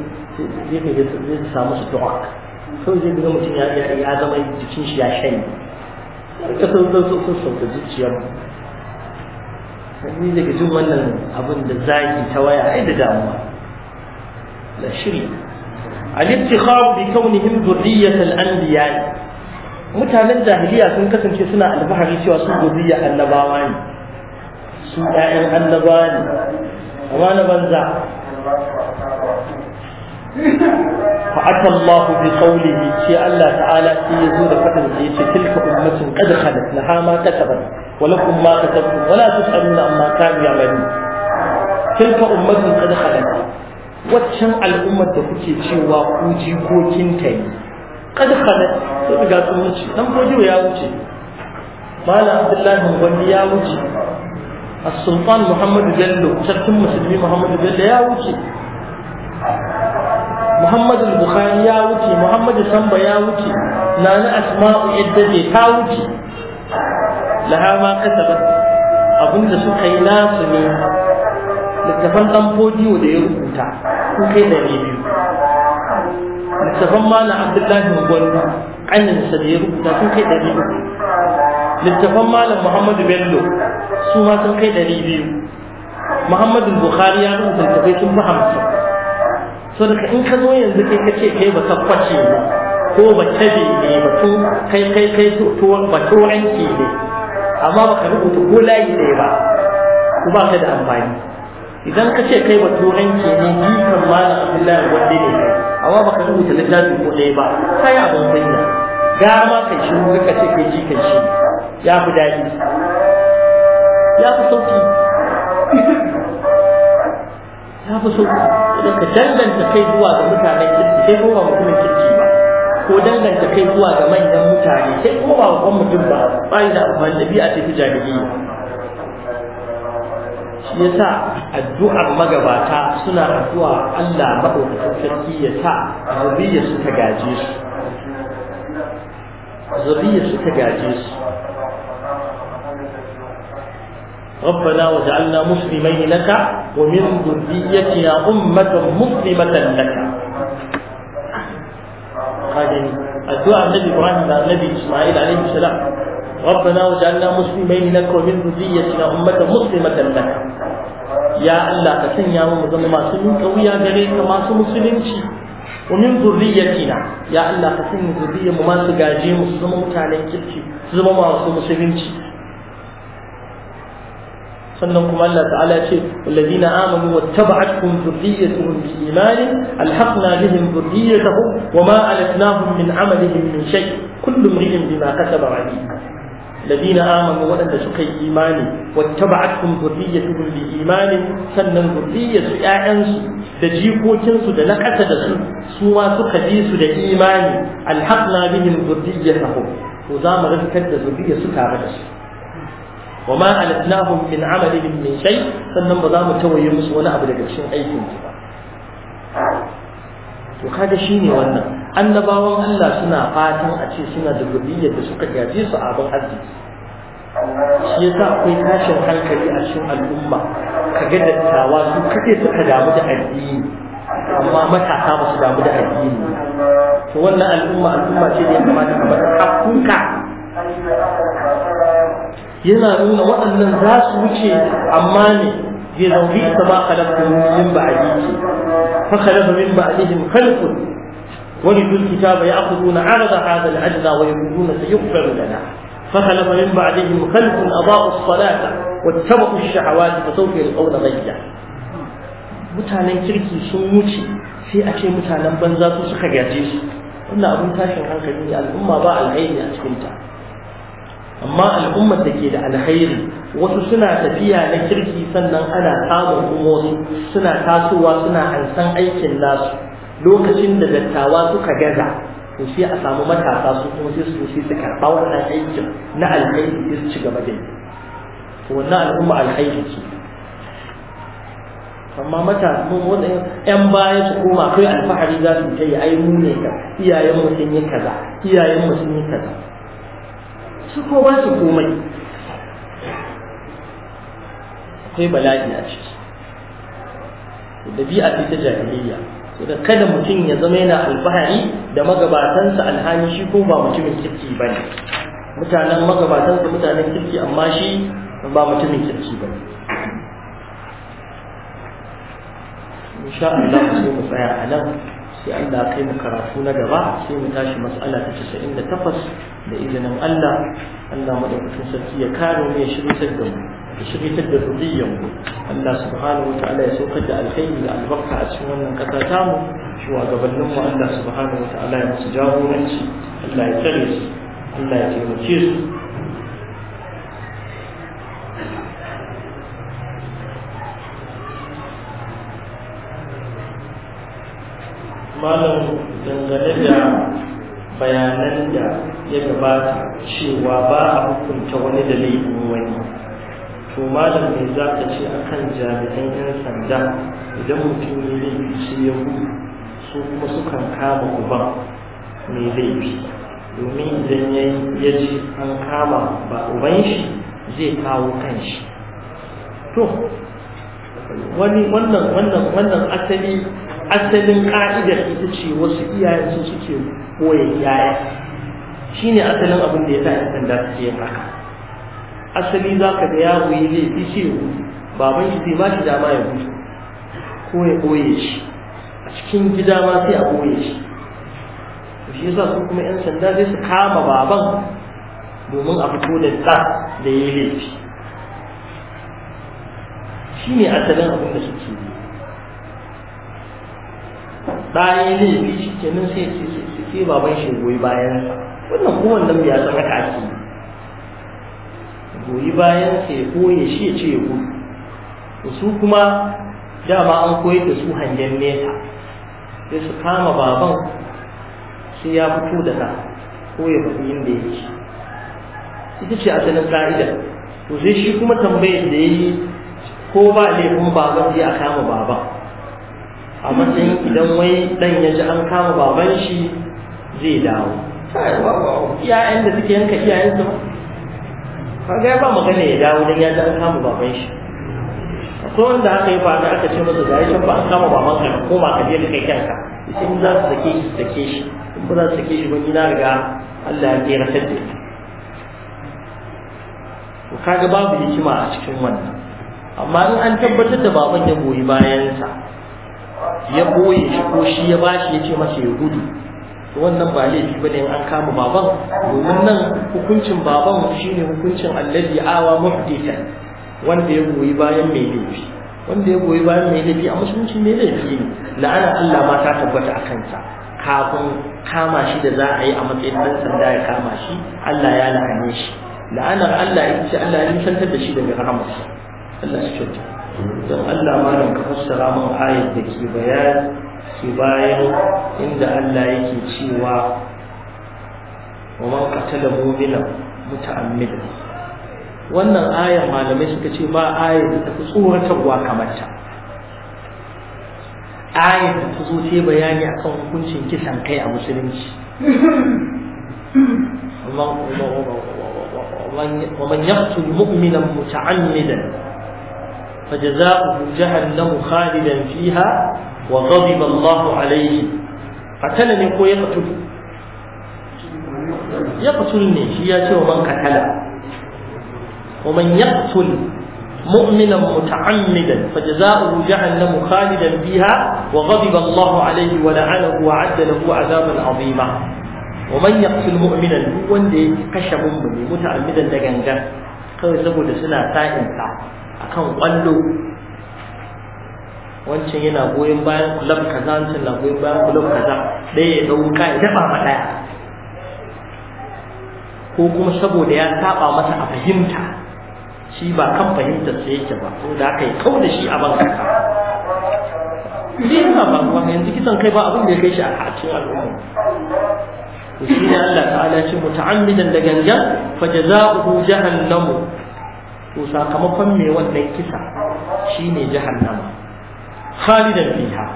zai ka zai samu su tuwa sau zai ga mutum ya zama jikin shi ya shanye ka san san sun sauka zuciyar mu ni daga jin wannan abin da zaki ta waya ai da damuwa la shiri al-ibtikhab bi kaunihim dhurriyatal anbiya mutanen jahiliya sun kasance suna albahari cewa su zuriya annabawa ne su ƴaƴan annaba ne amma na banza فأتى الله yazo da الله تعالى في يزول فقد تلك أمة قد خلت لها ما كتبت ولكم ما كتبتم ولا تسألون عما كانوا يعملون تلك أمة قد خلت waccan al'ummar da kuke cewa ku jikokin ta yi kada kada sun riga sun wuce dan gojiwa ya wuce malam abdullahi gwani ya wuce السلطان محمد جلو سكتم مسلمي محمد جلو يا وشي محمد البخاري يا وشي محمد سنبا يا وشي نانا أسماء إدبي تا وشي لها ما كسبت أبن سكي ناس من littafan ɗan fodiyo ya rubuta ko da ne biyu littafan malam abdullahi gwanda ƙaninsa da ya rubuta ko kai da biyu littafan malam muhammadu bello su ma sun kai ɗari biyu Muhammadu bukhari ya rubuta littafai sun fi hamsin so daga in ka zo yanzu kai ka ce kai ba sakwace ba, ko ba tabe ne ba tun kai kai kai ba turanci ne amma ba ka rubuta ko layi ne ba ku ba ka da amfani idan ka ce kai ba turanci ne jikan malam abdullahi wanda ne amma ba ka rubuta littafi ko ɗaya ba kai abin kunya Gama ma kai shi ka ce kai jikan shi ya fi daɗi ya fi sauki ya fi sauki idan ka danganta kai zuwa ga kirki sai mutumin kirki ba ko danganta kai zuwa ga manyan mutane sai kuma ba mutum ba da amfani da ce shi yasa addu'ar magabata suna addu'a Allah madaukakin sarki ya sa su ta gaje su su ta gaje su ربنا وجعلنا مسلمين لك ومن ذريتنا أمة مسلمة لك هذه الدعاء النبي إبراهيم النبي إسماعيل عليه السلام ربنا وجعلنا مسلمين لك ومن ذريتنا أمة مسلمة لك يا الله تسنيا ومزم ما سنين قويا غريك ما سمسلين شي ومن ذريتنا يا الله تسنيا ذرية ما سقاجي مسلم ومتعلين كيف زمما مسلمين شي sannan kuma Allah ta'ala ce alladhina amanu wattaba'atkum dhurriyyatuhum biimanin alhaqna bihim dhurriyyatahum wama alatnahum min amalihim min shay kullu imrin bima kasaba da الذين آمنوا da سكي إيماني واتبعتهم ذريتهم بإيمان سنن ذرية أعنس دجيكو تنس دنكت دسو ko سكديس دإيماني الحقنا بهم ذريتهم وزام su tare da su? wa ma alatnahum min amalihim min shay sannan ba za mu tawaye musu wani abu daga cikin aikin su ba to kaga shine wannan annabawan Allah suna fatan a ce suna da zuriyar da suka gaje su abin arziki shi yasa akwai tashin hankali a cikin al'umma kaga dattawa su kake suka damu da addini amma matasa ba su damu da addini to wannan al'umma al'umma ce da ya kamata ka mata hakkunka yana nuna waɗannan za su wuce amma ne zai zaune ita ma khalafu min ba'di ce fa khalafu min ba'dihim khalqun ولدوا الكتاب يأخذون عرض هذا الأدنى ويقولون سيغفر لنا فخلف من بعدهم خلف أضاءوا الصلاة واتبعوا الشهوات فسوف يلقون غيا mutanen kirki sun wuce sai a ce mutanen banza su suka gaje su wannan abin tashin hankali ne al'umma ba alheri a cikinta amma al'ummar da ke da alhairi wasu suna tafiya na kirki sannan ana samun umori suna tasowa suna ansan aikin nasu lokacin da dattawa suka gaza to sai a samu matasa su kuma sai su sai su karɓa wannan aikin na alhairi sai su ci gaba da yi to wannan al'umma alhairi ce amma matasa mun wanda yan baya su koma kai alfahari za su ta yi ai mu ne ka iyayen mu sun yi kaza iyayen mu sun yi kaza su ko ba su komai akwai bala'i a ciki dabi'a ce ta jahiliya da kada mutum ya zama yana alfahari da magabatansa alhali shi ko ba mutumin kirki ba ne mutanen magabatansa mutanen kirki amma shi ba mutumin kirki ba ne in insha Allah mu mu tsaya a nan sai Allah kai mu karatu na gaba sai mu tashi mas'ala ta 98 da izinin Allah Allah madaukakin sarki ya kare mu ya shirye da mu ya shirye da zuriyar mu Allah subhanahu Ta'ala ya saukar da alkhairi da albarka a cikin wannan kasa ta mu shugabannin mu Allah subhanahu Ta'ala ya musu jagoranci Allah ya tsare su Allah ya taimake su malam dangane da bayanan da ya gabata cewa ba a hukunta wani da laifin wani to malam mai za ka ce kan jami'an 'yan sanda idan mutum ya laifi shi ya gudu su kuma sukan kama uban mai laifi domin idan ya ji an kama ba uban shi zai kawo kanshi to wannan wannan asali asalin ka'idar ita ce wasu iyayen su suke koya yaya shine asalin abin da ya sa 'yan sanda suke yin haka asali za ka ga yaro yi laifi ce baban shi zai ba shi dama ya gudu ko ya ɓoye shi a cikin gida ma sai a ɓoye shi shi yasa su kuma 'yan sanda sai su kama baban domin a fito da ta da ya laifi shi ne asalin abin da suke yi ɗaya laifi shi kenan sai sai baban shi goyi bayansa wannan kowannan ya san haka ake goyi bayansa ya koye shi ya ce ya gudu su kuma dama an koyar da su hangen nesa sai su kama baban sai ya fito daga ɗa ko ya faɗi inda ya ci ita ce asalin ka'ida to sai shi kuma tambayar da ya yi ko ba laifin baban sai a kama baban a matsayin idan wai dan ya ji an kama baban shi zai dawo iyayen da suke yanka iyayen su kaga ya ba magana ya dawo dan ya ji an kama baban shi akwai wanda aka yi fata aka ce masa da ya ba an kama baban ka koma ka je ka kai kanka in za su sake shi sake shi in ba za su sake shi ba ni na riga Allah ya kera sadda to kaga babu hikima a cikin wannan amma in an tabbatar da baban ya goyi bayansa ya boye shi ko shi ya bashi ya ce masa ya gudu wannan ba laifi ba in an kama baban domin nan hukuncin baban shine hukuncin alladhi awa muhdithan wanda ya goyi bayan mai laifi wanda ya goyi bayan mai laifi a musulunci mai laifi ne la'ana Allah ma ta tabbata a kansa kafin kama shi da za a yi a matsayin ɗan sanda ya kama shi Allah ya la'ane shi la'anar Allah ita ce Allah ya nisantar da shi daga rahamarsa Allah shi kyauta don Allah malam ka fassara min ayat da ke bayan ke bayan inda Allah yake cewa wa man qatala mu'mina muta'ammidan wannan ayar malamai suka ce ba ayar da ta fi tsoratarwa kamar ta ayar da ta zo ta bayani akan hukuncin kisan kai a musulunci ومن يقتل مؤمنا متعمدا فجزاؤه جهنم خالدا فيها وغضب الله عليه قتلني كو يقتل يقتلني هي ومن قتل ومن يقتل مؤمنا متعمدا فجزاؤه جهنم خالدا فيها وغضب الله عليه ولعنه وعد له عذابا عظيما ومن يقتل مؤمنا هو اللي كشف مؤمن متعمدا لجنجا kawai saboda suna sa'insa akan kwallo wancan yana goyon bayan kulab kaza wancan na goyon bayan kulab kaza ɗaya ya ka ya dafa ma ɗaya ko kuma saboda ya saba masa a fahimta shi ba kan fahimtar sa yake ba ko da aka yi kau da shi a ban kasa shi yana ba kuma yanzu kisan kai ba abin da ya kai shi a cikin al'umma to shi ne Allah ta'ala ce muta'ammidan da gangan fa jazaohu jahannamu to sakamakon mai wannan kisa shine jahannama khalidan fiha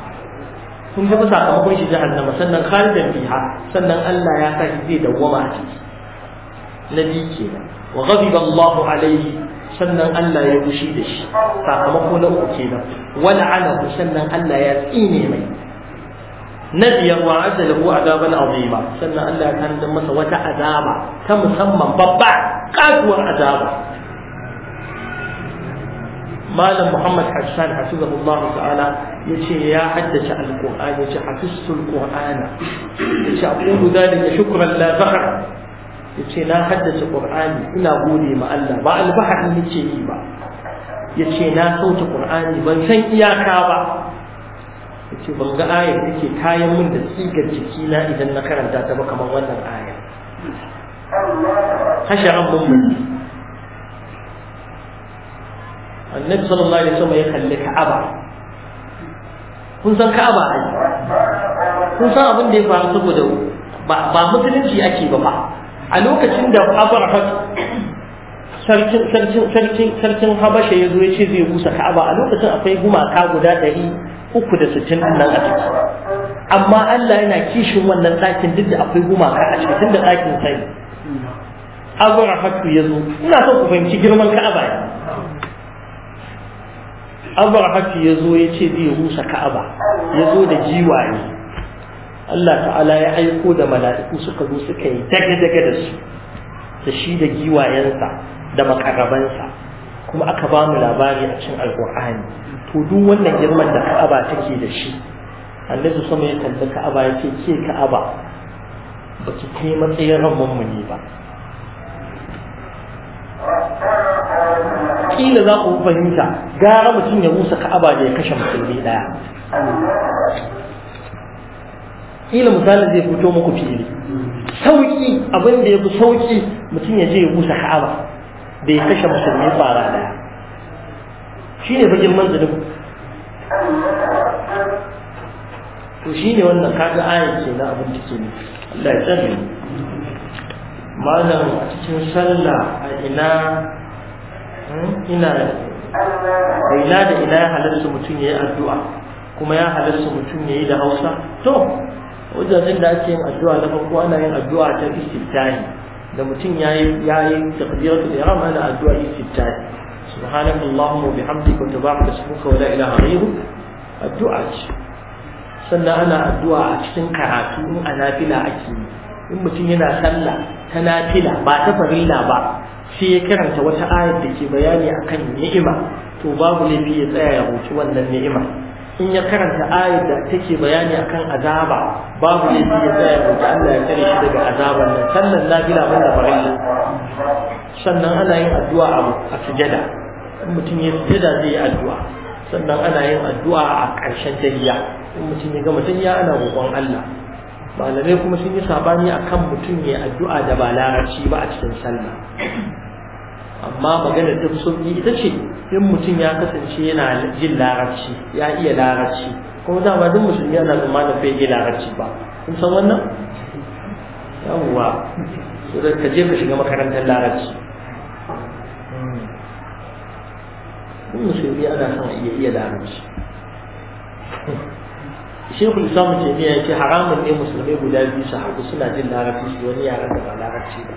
kun ga sakamakon shi jahannama sannan khalidan fiha sannan Allah ya sa shi zai dawwama a ciki nabi kenan wa ghadiba Allahu alaihi sannan Allah ya gushi da shi sakamako na uku kenan wala ana sannan Allah ya tsine mai nabi ya wa'ada lahu azaban azima sannan Allah ya tanzan masa wata azaba ta musamman babba kasuwar azaba malam muhammad hassan hafizahullah ta'ala yace ya haddace alqur'ani yace hafiztul qur'ana yace aqulu dhalika shukran la fakhr yace na haddace qur'ani ina gode ma Allah ba albahar nake yi ba yace na sauta qur'ani ban san iyaka ba yace ban ga ayar yake kayan min da sigar jiki na idan na karanta ta ba kamar wannan aya hasharan mun annabi sallallahu alaihi wasallam ya kalli ka'aba kun san ka'aba ai kun san abin da ya faru saboda ba musulunci ake ba ba a lokacin da abrahat sarkin sarkin sarkin sarkin habasha ya zo ya ce zai rusa ka'aba a lokacin akwai gumaka guda ɗari uku da sittin nan a ciki amma Allah yana kishin wannan ɗakin duk da akwai gumaka a cikin da ɗakin sai abrahatu ya zo ina son ku fahimci girman ka'aba ne abarhatu ya zo ya ce zai rusa ka'aba ya zo da jiwaye Allah ta'ala ya aiko da mala'iku suka zo suka yi daga-daga da su da shi da giwayensa da makarabansa kuma aka ba mu labari a cin alkur'ani to duk wannan girman da ka'aba take da shi annabi sama ya kalli ka'aba ya ce ke ka'aba ba ki kai matsayin ran ne ba kila za ku fahimta gara mutum ya rusa ka'aba da ya kashe musulmi daya kila misalin zai fito muku fili sauki abin da ya fi sauki mutum ya je ya rusa ka'aba da ya kashe musulmi fara daya shi ne bagin manzanin to shi ne wannan kaga ayan ke na abin da ke Allah ya tsare malam a cikin sallah a ina ina da ina da ina ya halarci mutum ya yi addu'a kuma ya halarci mutum ya yi da hausa to wajen da ake yin addu'a na farko ana yin addu'a ta istiftahi da mutum ya yi ya yi takbiratul ihram ana addu'a istiftahi subhanakallahumma wa bihamdika wa tabaraka ismuka wa la ilaha ghayruk addu'a ce sannan ana addu'a a cikin karatu in a nafila ake yi in mutum yana sallah ta nafila ba ta farilla ba sai ya karanta wata ayar da ke bayani akan ni'ima to babu laifi ya tsaya ya huci wannan ni'ima in ya karanta ayar da take bayani akan azaba babu laifi ya tsaya ya huci Allah ya kare shi daga azaban nan sannan na gina banda farilla sannan ana yin addu'a a sujada in mutum ya sujada zai yi addu'a sannan ana yin addu'a a ƙarshen tahiyya in mutum ya gama tahiyya ana roƙon Allah malamai kuma sun yi sabani kan mutum ya addu'a da ba larabci ba a cikin sallah amma magana ta sauki ita ce in mutum ya kasance yana jin larabci ya iya larabci kuma ba duk musulmi yana tsammanin bai yi larabci ba kun san wannan yawwa so da ka je ka shiga makarantar larabci in hmm. musulmi ana son iya iya larabci Sheikh islam ce ne ce haramun ne musulmai guda biyu su haku suna jin larabci su wani yaran da ba larabci ba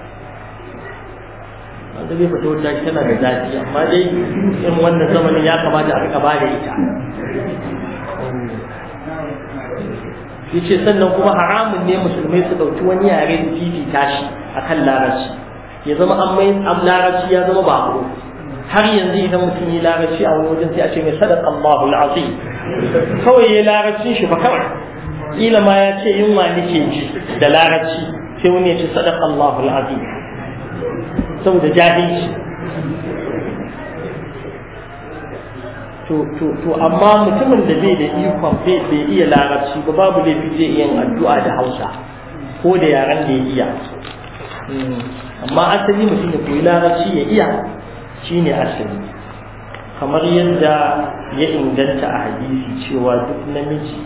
wanda zai fito ta tana da zafi amma dai in wannan zamanin ya kamata a rika bada ita ya ce sannan kuma haramun ne musulmai su ɗauki wani yare fifita shi a kan larabci ya zama an larabci ya zama ba har yanzu idan mutum yi larabci a wani wajen sai a ce mai sadaka Allahul azim kawai ya larabcin shi ba kawai kila ma ya ce yunwa nake ji da larabci sai wani ya ce sadaka Allahul azim saboda jahilci to amma mutumin da bai da ikon bai iya larabci ba babu laifi zai iya addu'a da Hausa ko da yaren da ya iya hmm. amma asali mutum da koyi larabci ya iya shine asali kamar yadda ya inganta a hadisi cewa duk namiji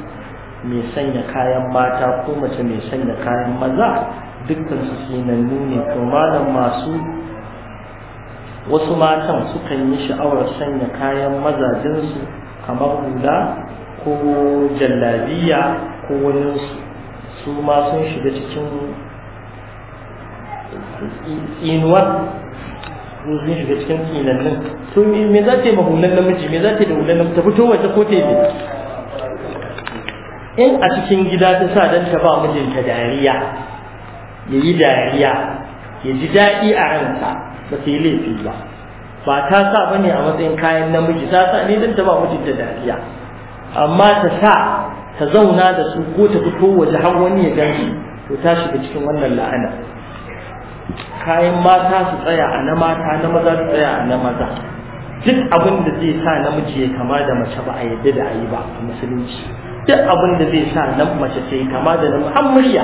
mai sanya kayan mata ko mace mai sanya kayan maza dukkan su sinannu ne malam masu wasu matan sukan yi sha'awar sanya kayan mazajensu kamar hula ko jallabiya ko wani su ma sun shiga cikin tsinuwa ko zai shiga cikin tsinannin to me za ta yi mahulan namiji me za ta yi da hulan namiji ta fito waje ko ta yi in a cikin gida ta sa dan ta ba mijinta dariya ya yi dariya ya ji daɗi a ransa ba ta yi laifi ba ba ta sa ba ne a matsayin kayan namiji ta sa ne dan ta ba mijinta dariya amma ta sa ta zauna da su ko ta fito waje har wani ya gan to ta shiga cikin wannan la'ana kayan mata su tsaya a na mata na maza su tsaya a na maza duk abin da zai sa namiji ya kama da mace ba a yadda da ayi ba a musulunci duk abin da zai sa nan mace ta yi kama da namiji an murya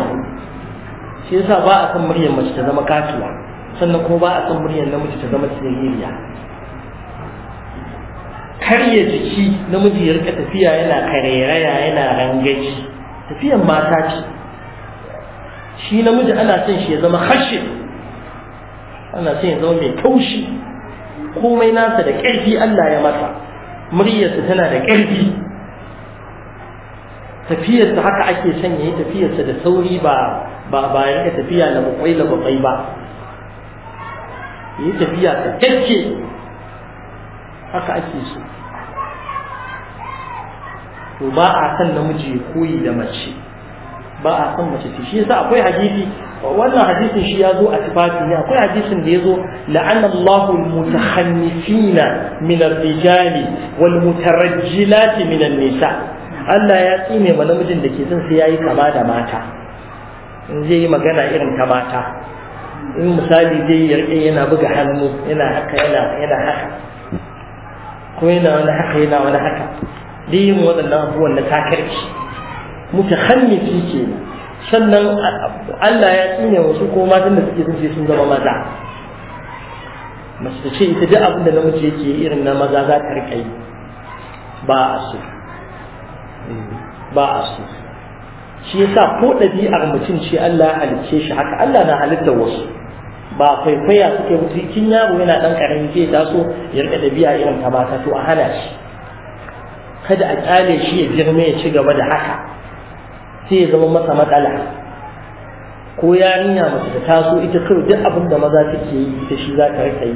shi yasa ba a san muryar mace ta zama katuwa sannan kuma ba a san muryar namiji ta zama tsiririya karya jiki namiji ya rika tafiya yana karairaya yana rangaji tafiyan mata ce shi namiji ana son shi ya zama hashin ana son ya zama mai kaushi komai nasa da ƙarfi Allah ya mata. muryarsa tana da ƙarfi tafiyarsa haka ake son ya yi tafiyarsa da sauri ba ba ba ya rika tafiya na bakwai na bakwai ba yi tafiya ta tacce haka ake so to ba a san namiji ya koyi da mace ba a son mace ce shi yasa akwai hadisi wannan hadisin shi ya zo a sifati ne akwai hadisin da ya zo la'ana Allahu al-mutakhannifina min ar-rijali wal mutarajjilati min an-nisa Allah ya tsine wa namijin da ke son sai yayi kama da mata in zai yi magana irin ta mata in misali zai yi yarke yana buga hannu yana haka yana yana haka ko yana wani haka yana wani haka dai yin waɗannan abubuwan na takarci mutakhannisi kenan sannan Allah ya tsine wasu ko matan da suke zuciya sun zama maza mace ce ita duk abin da namiji ke irin na maza za ta riƙa yi ba a so eh, ba a so shi yasa ko ɗabi'ar mutum ce Allah ya halicce shi haka Allah na halitta wasu ba kwaikwaya suke mutu kin yaro yana ɗan ƙarin ƙarami za su ya riƙa ɗabi'a irin ta mata to a hana shi kada a ƙyale shi ya girma ya ci gaba da haka sai ya zama masa matsala ko yarinya mace ta taso ita kawai duk abin da maza take yi ita shi za ta rika yi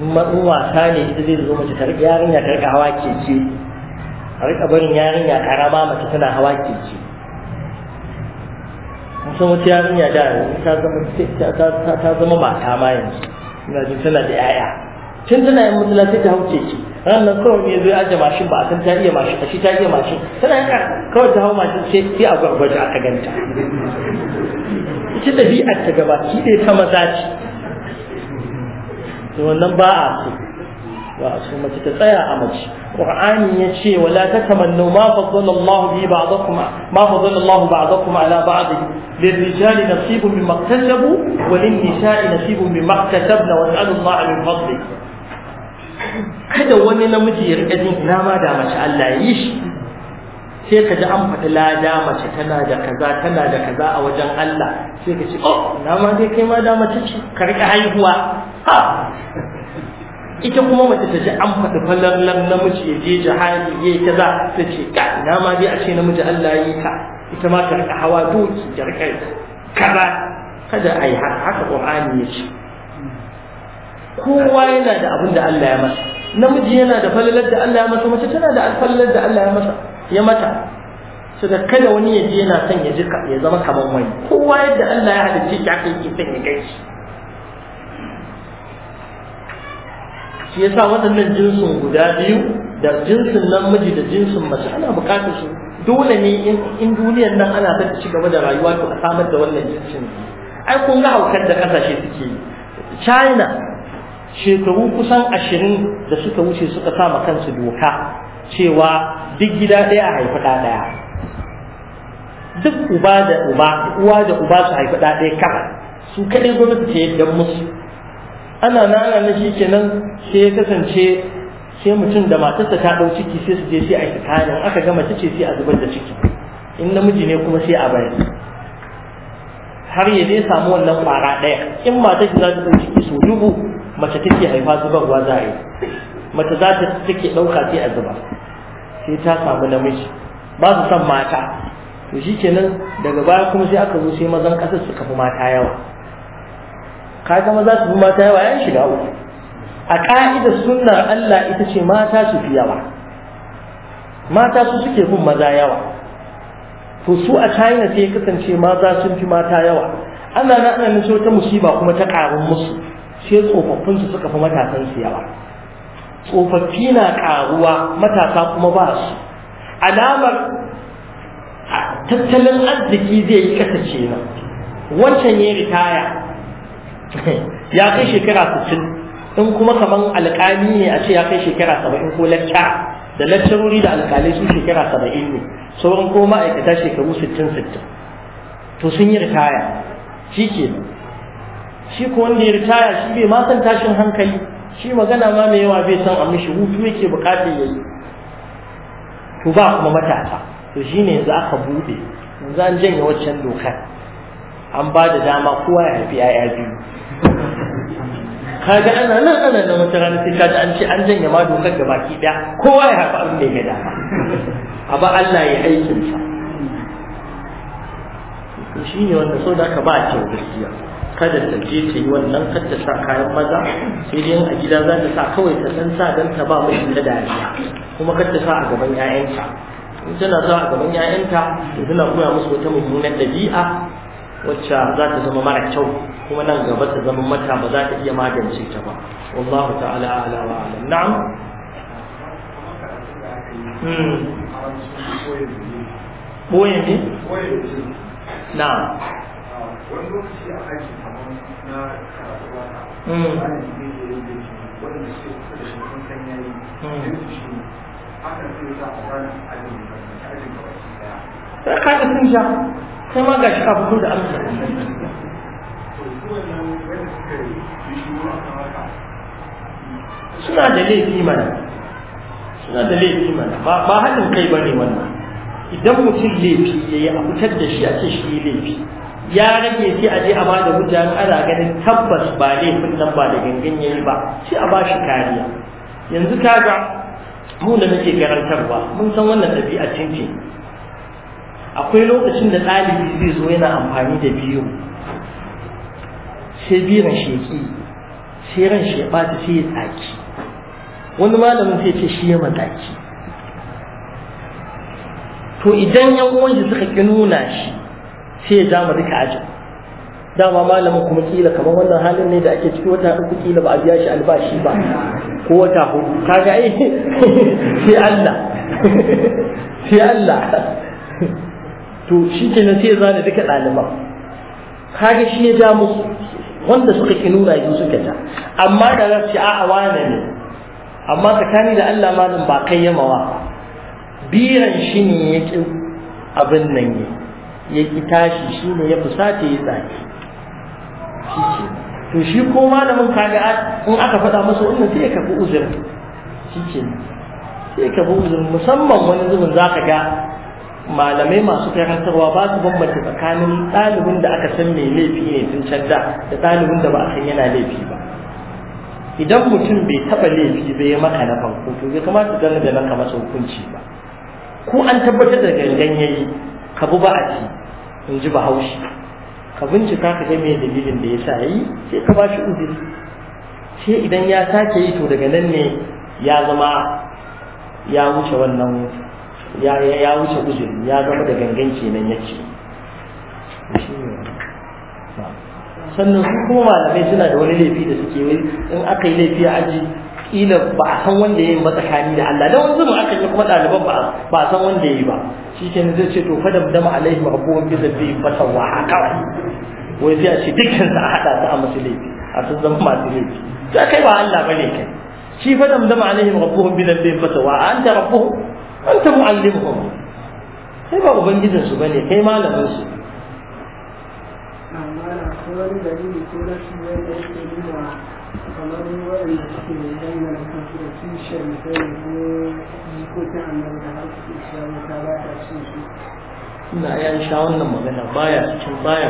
in wasa ne ita zai zo mace ta rika yarinya ta rika hawa keke a rika barin yarinya karama mace tana hawa keke musan wata yarinya da ta zama mata ma yanzu ina jin tana da 'ya'ya tun tana yin mutula sai ta hau keke ranar kawai ne zai aje mashin ba a san ta iya mashin a shi ta iya mashin tana yanka kawai ta hau mashin sai sai a gwargwaje aka ganta ita ɗabi'ar ta gaba ki ɗaya ta maza ce to wannan ba a so ba a so mace ta tsaya a mace qur'ani ya ce wala tatamannu ma faddala Allah bi ba'dakum ma faddala Allah ba'dakum ala ba'd للرجال نصيب مما اكتسبوا وللنساء نصيب مما اكتسبن واسألوا الله من فضله kada wani namiji ya rika jin ina ma da mace Allah ya yi shi sai ka ji an faɗi lada mace tana da kaza tana da kaza a wajen Allah sai ka ce oh ina ma dai kai ma da mace ce ka rika haihuwa ha ita kuma mace ta ji an faɗi falallan namiji ya je jihadi ya yi kaza sai ce ka ina ma dai a ce namiji Allah ya yi ka ita ma ka rika hawa doki ka rika kaza kada a yi haka haka Qur'ani ya ce kowa yana da abin da Allah ya masa namiji yana da falalar da Allah ya masa mace tana da falalar da Allah ya masa ya mata so da kada wani ya je yana son ya ji ya zama kamar wani kowa yadda Allah ya halicce ki haka yake son ya gaishe shi yasa waɗannan jinsin guda biyu da jinsin namiji da jinsin mace ana buƙatar su dole ne in duniyar nan ana ta ci gaba da rayuwa to a samar da wannan jinsin ai kun ga haukar da ƙasashe suke China shekaru kusan ashirin da suka wuce suka sama kansu doka cewa duk gida ɗaya a haifi ɗa ɗaya duk uba da uba uwa da uba su haifi ɗa ɗaya kama su kaɗai gwamnati ta yadda musu ana nana na shi kenan sai ya kasance sai mutum da matarsa ta ɗau ciki sai su je sai a tsakanin aka gama ta ce sai a zubar da ciki in namiji ne kuma sai a bari har ya dai samu wannan ƙwara ɗaya in matar za ta ɗau ciki sau dubu mace take haifa zubarwa za a yi mace za ta take ɗauka sai a zuba sai ta samu namiji ba su san mata to shi kenan daga baya kuma sai aka zo sai mazan ƙasar suka fi mata yawa ka ga maza su fi mata yawa yan shiga uku a ƙa'ida sunnar Allah ita ce mata su fi yawa mata su suke bin maza yawa to su a China sai kasance maza sun fi mata yawa Allah na ana so ta musiba kuma ta ƙarun musu sai tsofaffin su suka fi matasan su yawa tsofaffi na karuwa matasa kuma ba su alamar tattalin arziki zai yi kasa na wancan ya ritaya ya kai shekara 60 in kuma kaman alƙali ne a ce ya kai shekara 70 ko lakka da lakcarori da alƙalai su shekara 70 ne sauran ko ma'aikata shekaru 60 60 to sun yi ritaya shi ke shi ko wanda ya ritaya shi bai ma san tashin hankali shi magana ma mai yawa bai san amma mishi hutu yake bukatar ya yi to ba kuma matasa to shi ne yanzu aka bude yanzu an janye waccan dokar an ba da dama kowa ya haifi 'ya'ya biyu kaga ana nan ana nan wata rana sai kaji an ce an janye ma dokar ga baki daya kowa ya haifi abin da ya dama a ba Allah ya aikin sa to ne wanda so da ka ba ce gaskiya kada ta je ta yi wannan kar ta sa kayan maza sai dai a gida za ta sa kawai ta san sa don ta ba mu da dariya kuma kar ta sa a gaban 'ya'yanta in tana sa a gaban 'ya'yanta to tana koya musu wata mummunar ɗabi'a wacce za ta zama mara kyau kuma nan gaba ta zama mata ba za ta iya magance ta ba wallahu ta'ala ala wa ala na'am hmm. boye ne Na. wani lokaci a Hmm. sai ka da sun sha sai ma ga shi da amsa suna da laifi mana suna da laifi mana ba haɗin kai ba ne wannan idan mutum laifi ya yi a fitar da shi a ce shi laifi ya rage shi a je a bada hujja ana ganin tabbas ba laifin nan ba da gangan yayi ba sai a bashi kariya yanzu kaga mu da nake karantarwa mun san wannan ɗabi'a cince akwai lokacin da ɗalibi zai zo yana amfani da biyu sai biran sheki sai ran shi ya ɓata sai ya tsaki wani malamin sai ce shi ya mataki to idan yan uwan shi suka ƙi nuna shi sai ya ja mu duka aji dama malamin kuma kila kamar wannan halin ne da ake ciki wata uku kila ba a biya shi albashi ba ko wata hudu kaga ai sai Allah sai Allah to shi ke sai ya zana duka ɗaliban kaga shi ya ja musu wanda suka ki nuna yi suka ja amma da za su a'a wane ne amma tsakani da Allah malam ba kai yamawa biran shi ne ya abin nan yi ya ki tashi shi ne ya fusata ya tsaki to shi ko malamin kaga in aka faɗa masa wannan sai ya kafi uzuri shi ce sai ka bi uzuri musamman wani zubin za ka ga malamai masu karantarwa ba su bambanta tsakanin ɗalibin da aka san mai laifi ne tun can da da ɗalibin da ba a san yana laifi ba idan mutum bai taɓa laifi bai yi maka na farko to bai kamata gane da naka masa hukunci ba ko an tabbatar da gangan yayi ka bi ba'aji in ji bahaushe ka bincika ka ga me dalilin da ya sa yi sai ka ba shi uzuri sai idan ya sake yi to daga nan ne ya zama ya wuce wannan ya wuce uzuri ya zama da gangan kenan yace. sannan su kuma malamai suna da wani laifi da suke wai in aka yi laifi a aji kila ba a san wanda ya yi matsakani da Allah da wani zuma aka yi kuma ɗaliban ba a san wanda ya yi ba shi ke zai ce to fadam dama alaihi wa abubuwan bi zabbi fasa wa kawai wai sai a ce dukkan sa a hada su a masu laifi a sun zama masu laifi to kai ba Allah bane kai shi fadam dama alaihi wa abubuwan bi zabbi fasa wa anta rabbuhum anta muallimuhum kai ba ubangijin su bane kai malamin su amma na ko da ni ko rashin yadda yake nuna kamar suke da sha wannan magana baya cikin baya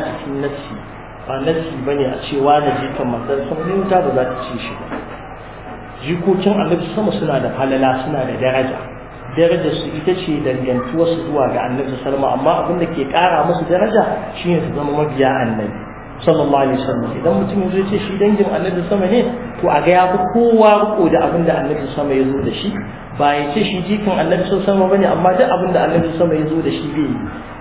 ba nassi bane a cewa da jikan sun wuta ba za ci shi ba jikokin annabi sama suna da falala suna da daraja darajar su ita ce dangantuwar su zuwa ga annabi salma, amma abin da ke kara musu daraja shine su zama mabiya annabi sallallahu alaihi wasallam idan mutum ya ce shi dangin annabi sama ne to a ga ya fi kowa riko da abin da annabi sama ya zo da shi ba ya ce shi jikan annabi sama bane amma duk abin da annabi sama ya zo da shi bai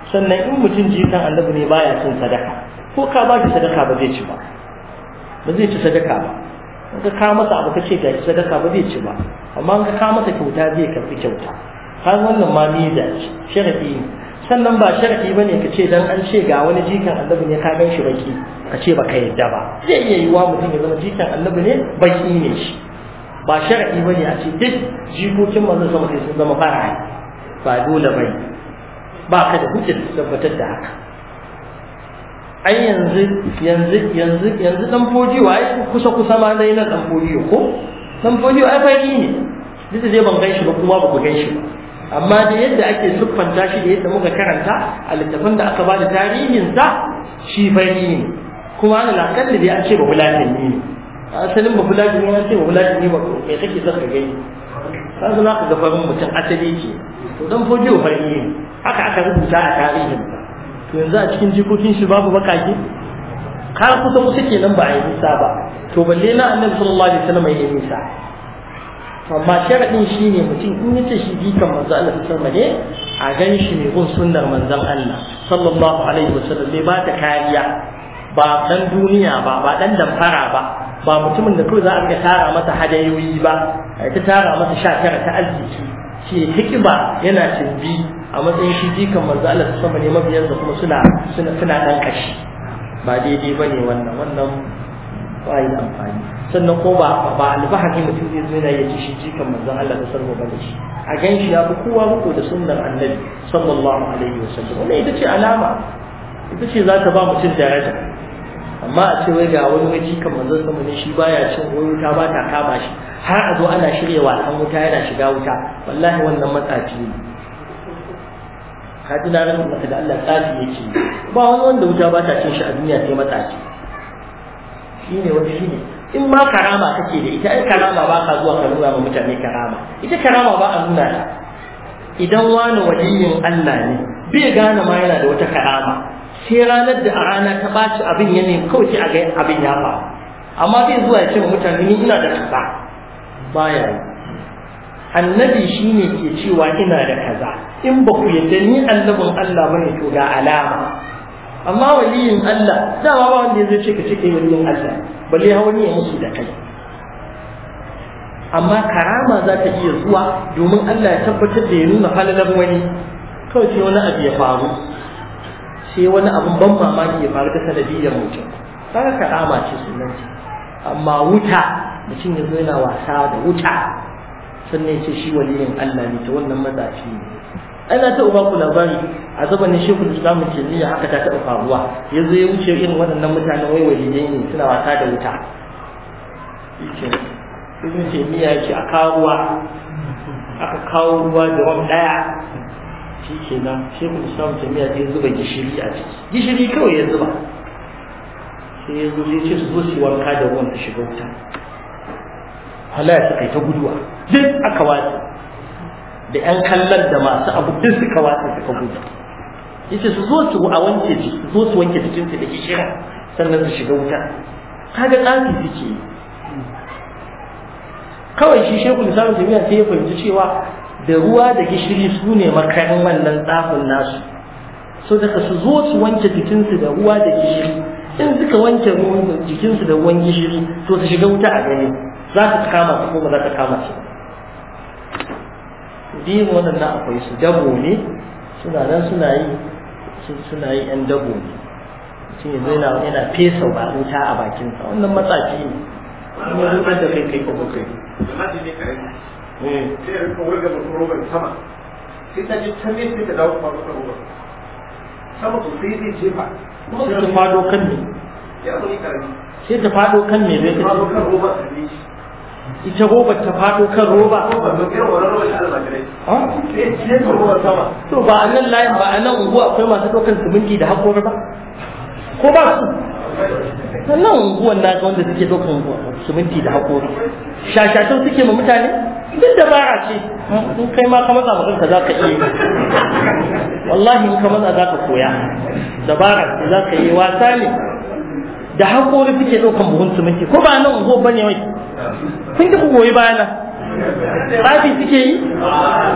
sannan in mutum jikan annabi ne baya cin sadaka ko ka ba shi sadaka ba zai ci ba ba zai ci sadaka ba in ka ka masa abu ka ce ga sadaka ba zai ci ba amma in ka ka masa kyauta zai karfi kyauta har wannan ma miza ce sharafi ne sannan ba sharadi ba ne ka ce don an ce ga wani jikan annabi ne ka gan shi baki ka ce baka yadda ba zai iya wa mutum ya zama jikan annabi ne baki ne shi ba sharadi ba ne a ce duk jikokin manzon sama sai sun zama fara ba dole bai ba ka da hujjar tabbatar da haka ai yanzu yanzu yanzu yanzu dan fojiyo ai kusa kusa ma dai na dan fojiyo ko dan fojiyo ai fari ne duk da ban gan shi ba kuma ba ku gan shi ba amma da yadda ake siffanta shi da yadda muka karanta a littafin da aka ba da tarihinsa shi fari ne kuma ana lakar da an ce ba fulatani ne A asalin ba fulatani an ce ba ne ba kai kake ka gani ka zo ka ga farin mutum asali ce to dan fojo fari ne haka aka rubuta a tarihin to yanzu a cikin jikokin shi babu bakake har kusa kusa kenan ba a yi nisa ba to balle na annabi sallallahu alaihi wasallam ya yi nisa amma sharadin shine mutum in ce shi jikan manzo Allah ne a gan shi mai bin sunnar manzan Allah sallallahu alaihi wasallam bai ba ta kariya ba dan duniya ba ba dan damfara ba ba mutumin da kai za a ga tara masa hadayoyi ba ta tara masa sha tara ta arziki shi hikima yana canji, a matsayin shi jikan manzo Allah sallallahu alaihi wasallam kuma suna suna suna dan kashi ba daidai bane wannan wannan ba yi amfani sannan ko ba ba alfahari mutum zai zo ya ci shi jikan manzon Allah da sarwa bane shi a gan shi ya fi kowa muku da sunnar annabi sallallahu alaihi wasallam wannan ita ce alama ita ce za ta ba mutum daraja amma a ce wai ga wani wai jikan manzon sama ne shi baya cin wai wuta ba ta kama shi har a zo ana wa an wuta yana shiga wuta wallahi wannan matsafi ne ka ji na ran maka da Allah tsafi yake ba wani wanda wuta ba ta cin shi a duniya sai matsafi shine wani shine in ma karama kake da ita ai karama ba ka zuwa ka nuna ma mutane karama ita karama ba a nuna ta idan wani waliyin Allah ne bai gane ma yana da wata karama sai ranar da a rana ta baci abin ya ne kawai sai a ga abin ya faru amma bai zuwa ya ce ma mutane ni ina da kaza baya annabi shine ke cewa ina da kaza in ba ku yadda ni annabin Allah bane to ga alama amma waliyin Allah dama ba wanda ya zai ce ka ce kai waliyin Allah balle ya wani ya musu da kai amma karama za ta iya zuwa domin Allah ya tabbatar da ya nuna halalar wani kawai sai wani abu ya faru sai wani abu ban mamaki ya faru ta sanadiyyar mutum kaga karama ce sunan ce amma wuta mutum ya zo yana wasa da wuta sannan ya ce shi waliyin Allah ne ta wannan matashi ne ana ta uba ku labari a zamanin shekul islam kimiyya haka ta taɓa faruwa ya zo ya wuce irin waɗannan mutanen wai waliyai ne suna wasa da wuta ibn kimiyya ya ce a kawo ruwa aka kawo ruwa da wani ɗaya shi ke nan shekul islam kimiyya ya zuba gishiri a ciki gishiri kawai ya zuba sai ya zo ya ce su zo su wanka da ruwan su shiga wuta hala suka yi ta guduwa duk aka watsa da yan kallon da masu abu duk suka wata suka gudu yace su zo su a wanke su zo su wanke cikin su da kishirin sannan su shiga wuta kaga tsami suke yi kawai shi shekul samun jami'a sai ya fahimci cewa da ruwa da gishiri su ne makarin wannan tsafin nasu so daga su zo su wanke jikinsu da ruwa da gishiri in suka wanke jikinsu da ruwan gishiri to su shiga wuta a gani za su kama su ko ba za ka kama su din waɗannan akwai su dabo ne suna nan suna yi suna yi yan dabo ne shi ne zai yana fesa ba wuta a bakin sa wannan matsaci ne kuma rukar da kai kai ko kai ne eh. sai sama sai ta ji can ne sai ta dawo kuma rukar ruwan sama sosai zai jefa sai ta fado kan ne ya sai ta fado kan ne zai ta fado kan roba ta ne ita robar ta fado kan roba to ba a nan layin ba a nan unguwa akwai masu ɗaukar siminti da haƙori ba ko ba su sannan unguwan na wanda suke ɗaukar siminti da haƙori shashashin suke ma mutane duk da a ce in kai ma ka matsa ma kanka za ka iya wallahi in ka matsa za ka koya dabara ce za ka yi wasa ne da haƙori suke ɗaukar buhun siminti ko ba a nan unguwa ba ne wai kun ji ku goyi bayana tsafi suke yi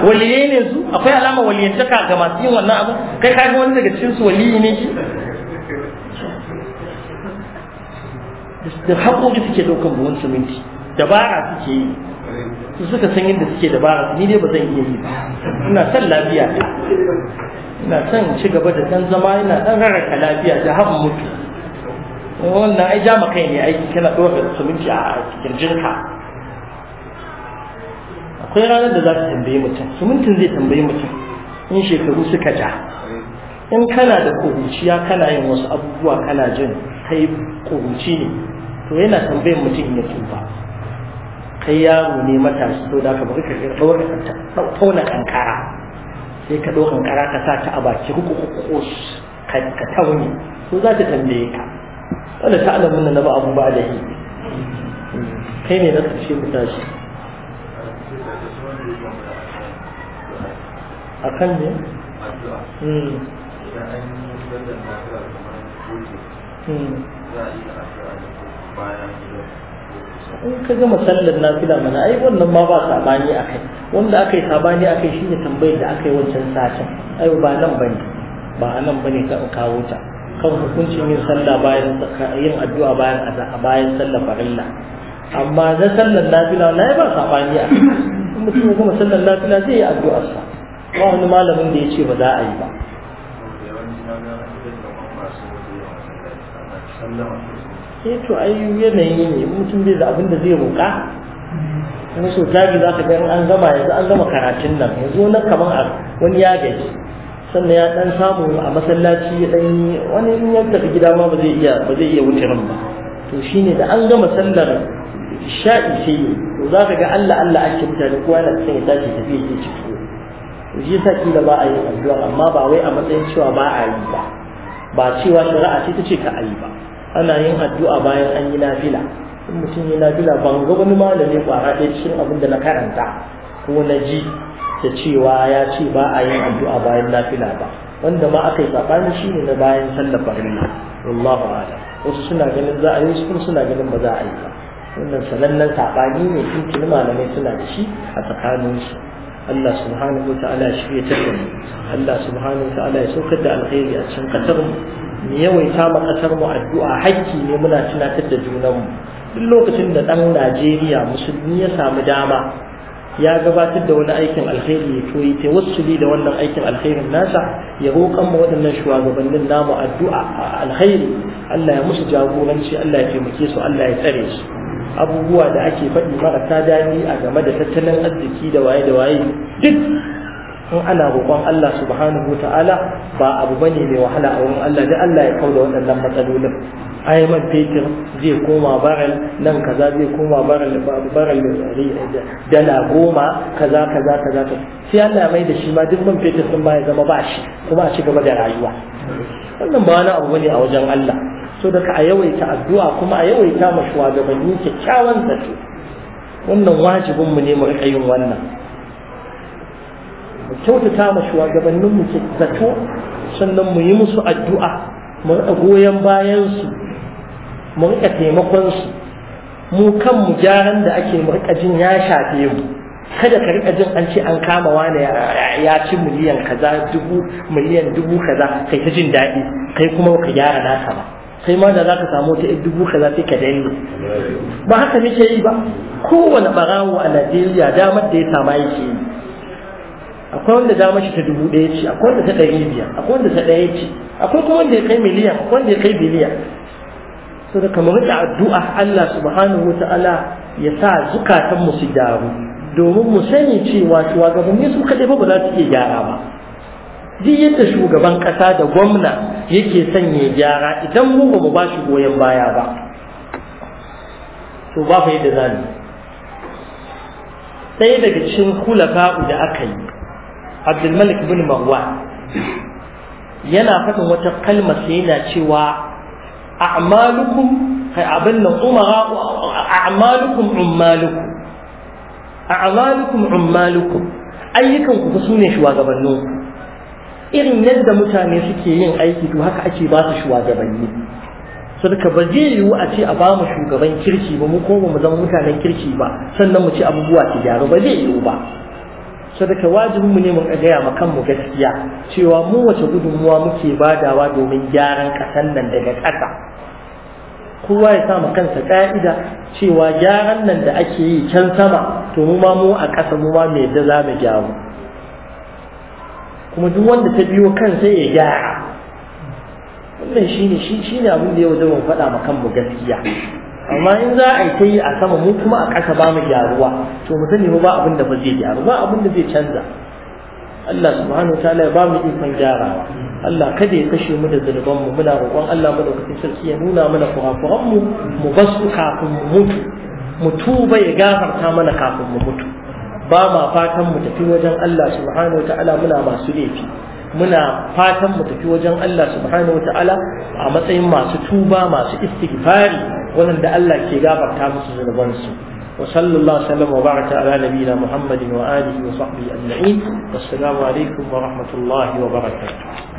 waliyai ne su akwai alama waliyantaka ga masu yin wannan abu kai kaga wani daga cikin su waliyi ne shi da haƙoƙi suke ɗaukan buhun siminti dabara suke yi su suka san yadda suke dabara ni dai ba zan iya yi ba ina son lafiya ina son ci gaba da ɗan zama ina ɗan rarraka lafiya da haɓa mutu wannan ai ja kai ne aiki kana ɗora suminci a cikin akwai ranar da za ta tambaye mutum sumintin zai tambaye mutum in shekaru suka ja in kana da kuruciya kana yin wasu abubuwa kana jin kai kuruci ne to yana tambayin mutum ya tuba kai yaro ne matashi to da ka bari ka ɗaura tauna kankara sai ka ɗau kankara ka sa ta a baki ruku ka tauni to za ta tambaye ka wanda ta alamun nan ba abu ba da yi kai ne na ƙarshe mu tashi a kan ne? Hmm. Hmm. in ka gama sallar nafila mana ai wannan ma ba sabani a kai wanda aka yi sabani a kai shine tambayar da aka yi wancan satin ai ba nan bane ba a nan bane ka kawo ta kan hukuncin yin sallah bayan yin addu'a bayan a bayan sallah farilla amma da sallar nafila na ba sabani a in mutum kuma sallar nafila zai yi addu'ar sa ba wani malamin da ya ce ba za a yi ba sai eh, to ai yanayi ne mutum bai da abin da zai roƙa kuma so tari za ka ga an gama yanzu an gama karatun nan yanzu nan kamar wani ya gaji sannan ya dan samu a masallaci ya dan wani in ya tafi gida ma ba zai iya ba zai iya wuce ran ba to shine da an gama sallar sha'i sai to za ka ga Allah Allah ake mutane kowa yana son ya tashi tafi ya ci to shi yasa kila ba a yi addu'a amma ba wai a matsayin cewa ba a yi ba ba cewa shari'a ce ta ce ka ayi ba ana yin addu'a bayan an yi nafila in mutum yi nafila ban ga wani malami kwara ɗaya cikin abin da na karanta ko na ji da cewa ya ce ba a yin addu'a bayan nafila ba wanda ma aka yi sabani shine na bayan sallar farilla wallahu a'lam wasu suna ganin za a yi wasu suna ganin ba za a yi ba wannan sanannen sabani ne tun malamai suna da shi a tsakaninsu Allah subhanahu wa ta'ala ya shirya Allah subhanahu wa ta'ala ya saukar da alkhairi a cikin kasar mu mu yawaita ma kasar mu addu'a hakki ne muna tunatar da junanmu duk lokacin da dan Najeriya musulmi ya samu dama ya gabatar da wani aikin alkhairi ya yi tawassuli da wannan aikin alkhairin nasa ya roƙan ma waɗannan shugabannin namu addu'a alkhairi Allah ya musu jagoranci Allah ya taimake su Allah ya tsare su abubuwa da ake faɗi marasa daɗi a game da tattalin arziki da waye da waye duk in ana roƙon Allah subhanahu ta'ala ba abu bane mai wahala a wurin Allah da Allah ya kauda waɗannan matsalolin ai man fetur zai koma baral nan kaza zai koma baral baral dala goma kaza kaza kaza sai Allah ya mai da shi ma duk man fetur sun ba ya zama ba shi kuma a ci gaba da rayuwa wannan ba wani abu bane a wajen Allah so da ka a yawaita addu'a kuma a yawaita ma shuwagabanni kyakkyawan zato wannan wajibinmu ne mu riƙa yin wannan mu kyautata ma shugabannin mu ke zato sannan mu yi musu addu'a mu riƙa goyon bayan mu riƙa taimakon su mu kanmu gyaran da ake mu riƙa jin ya shafe mu kada ka riƙa jin an ce an kama wani ya ci miliyan kaza dubu miliyan dubu kaza kai ta jin daɗi kai kuma ka gyara naka ba kai ma da za ka samu ta dubu kaza sai ka daina ba haka muke yi ba kowane barawo a najeriya damar da ya sama yake yi akwai wanda za mashi ta dubu ɗaya ce akwai wanda ta ɗari biya akwai wanda ta ɗaya ce akwai kuma wanda ya kai miliyan akwai wanda ya kai biliyan so da kamar da addu'a Allah subhanahu wata'ala ya sa zukatan mu su gyaru domin mu sani cewa shugabanni su kaɗai ba za su iya gyara ba duk yadda shugaban ƙasa da gwamna yake son ya gyara idan mu ba mu ba shi goyon baya ba to ba fa yadda za mu Sai daga cikin kula kulafa'u da aka yi abdulmalik bin marwan yana faɗin wata kalma sai yana cewa a'malukum kai abin nan umara a'malukum ummalukum a'malukum ummalukum ayyukan ku su ne shugabannin irin yadda mutane suke yin aiki to haka ake ba su shugabanni sadaka ba baje yiwu a ce a ba mu shugaban kirki ba mu koma mu zama mutanen kirki ba sannan mu ci abubuwa su gyaru ba zai yiwu ba sadaka wajibin mu ne mu gaya ma kanmu gaskiya cewa mu wace gudunmuwa muke badawa domin gyaran ƙasan nan daga ƙasa kowa ya samu kansa ƙa'ida cewa gyaran nan da ake yi can sama to mu ma mu a ƙasa mu ma me da za mu gyaru kuma duk wanda ta biyo kansa ya gyara wannan shine shine abin da yau zan faɗa ma kanmu gaskiya amma in za a yi ta yi a sama mu kuma a ƙasa ba mu gyaruwa to mu sani ba abin da ba zai gyaru ba abin da zai canza Allah subhanahu wa ta'ala ya ba mu ikon gyarawa Allah kada ya kashe mu da zunuban mu muna roƙon Allah madaukakin sarki ya nuna mana kurakuran mu mu basu kafin mu mutu mu tuba ya gafarta mana kafin mu mutu ba ma fatan mu tafi wajen Allah subhanahu wa ta'ala muna masu laifi muna fatan mu tafi wajen Allah subhanahu wa ta'ala a matsayin masu tuba masu istighfari waɗanda Allah ke gafarta musu zunubansu wa sallallahu sallam wa baraka ala nabiyina muhammadin wa alihi wa sahbihi ajma'in wassalamu alaikum wa rahmatullahi wa barakatuh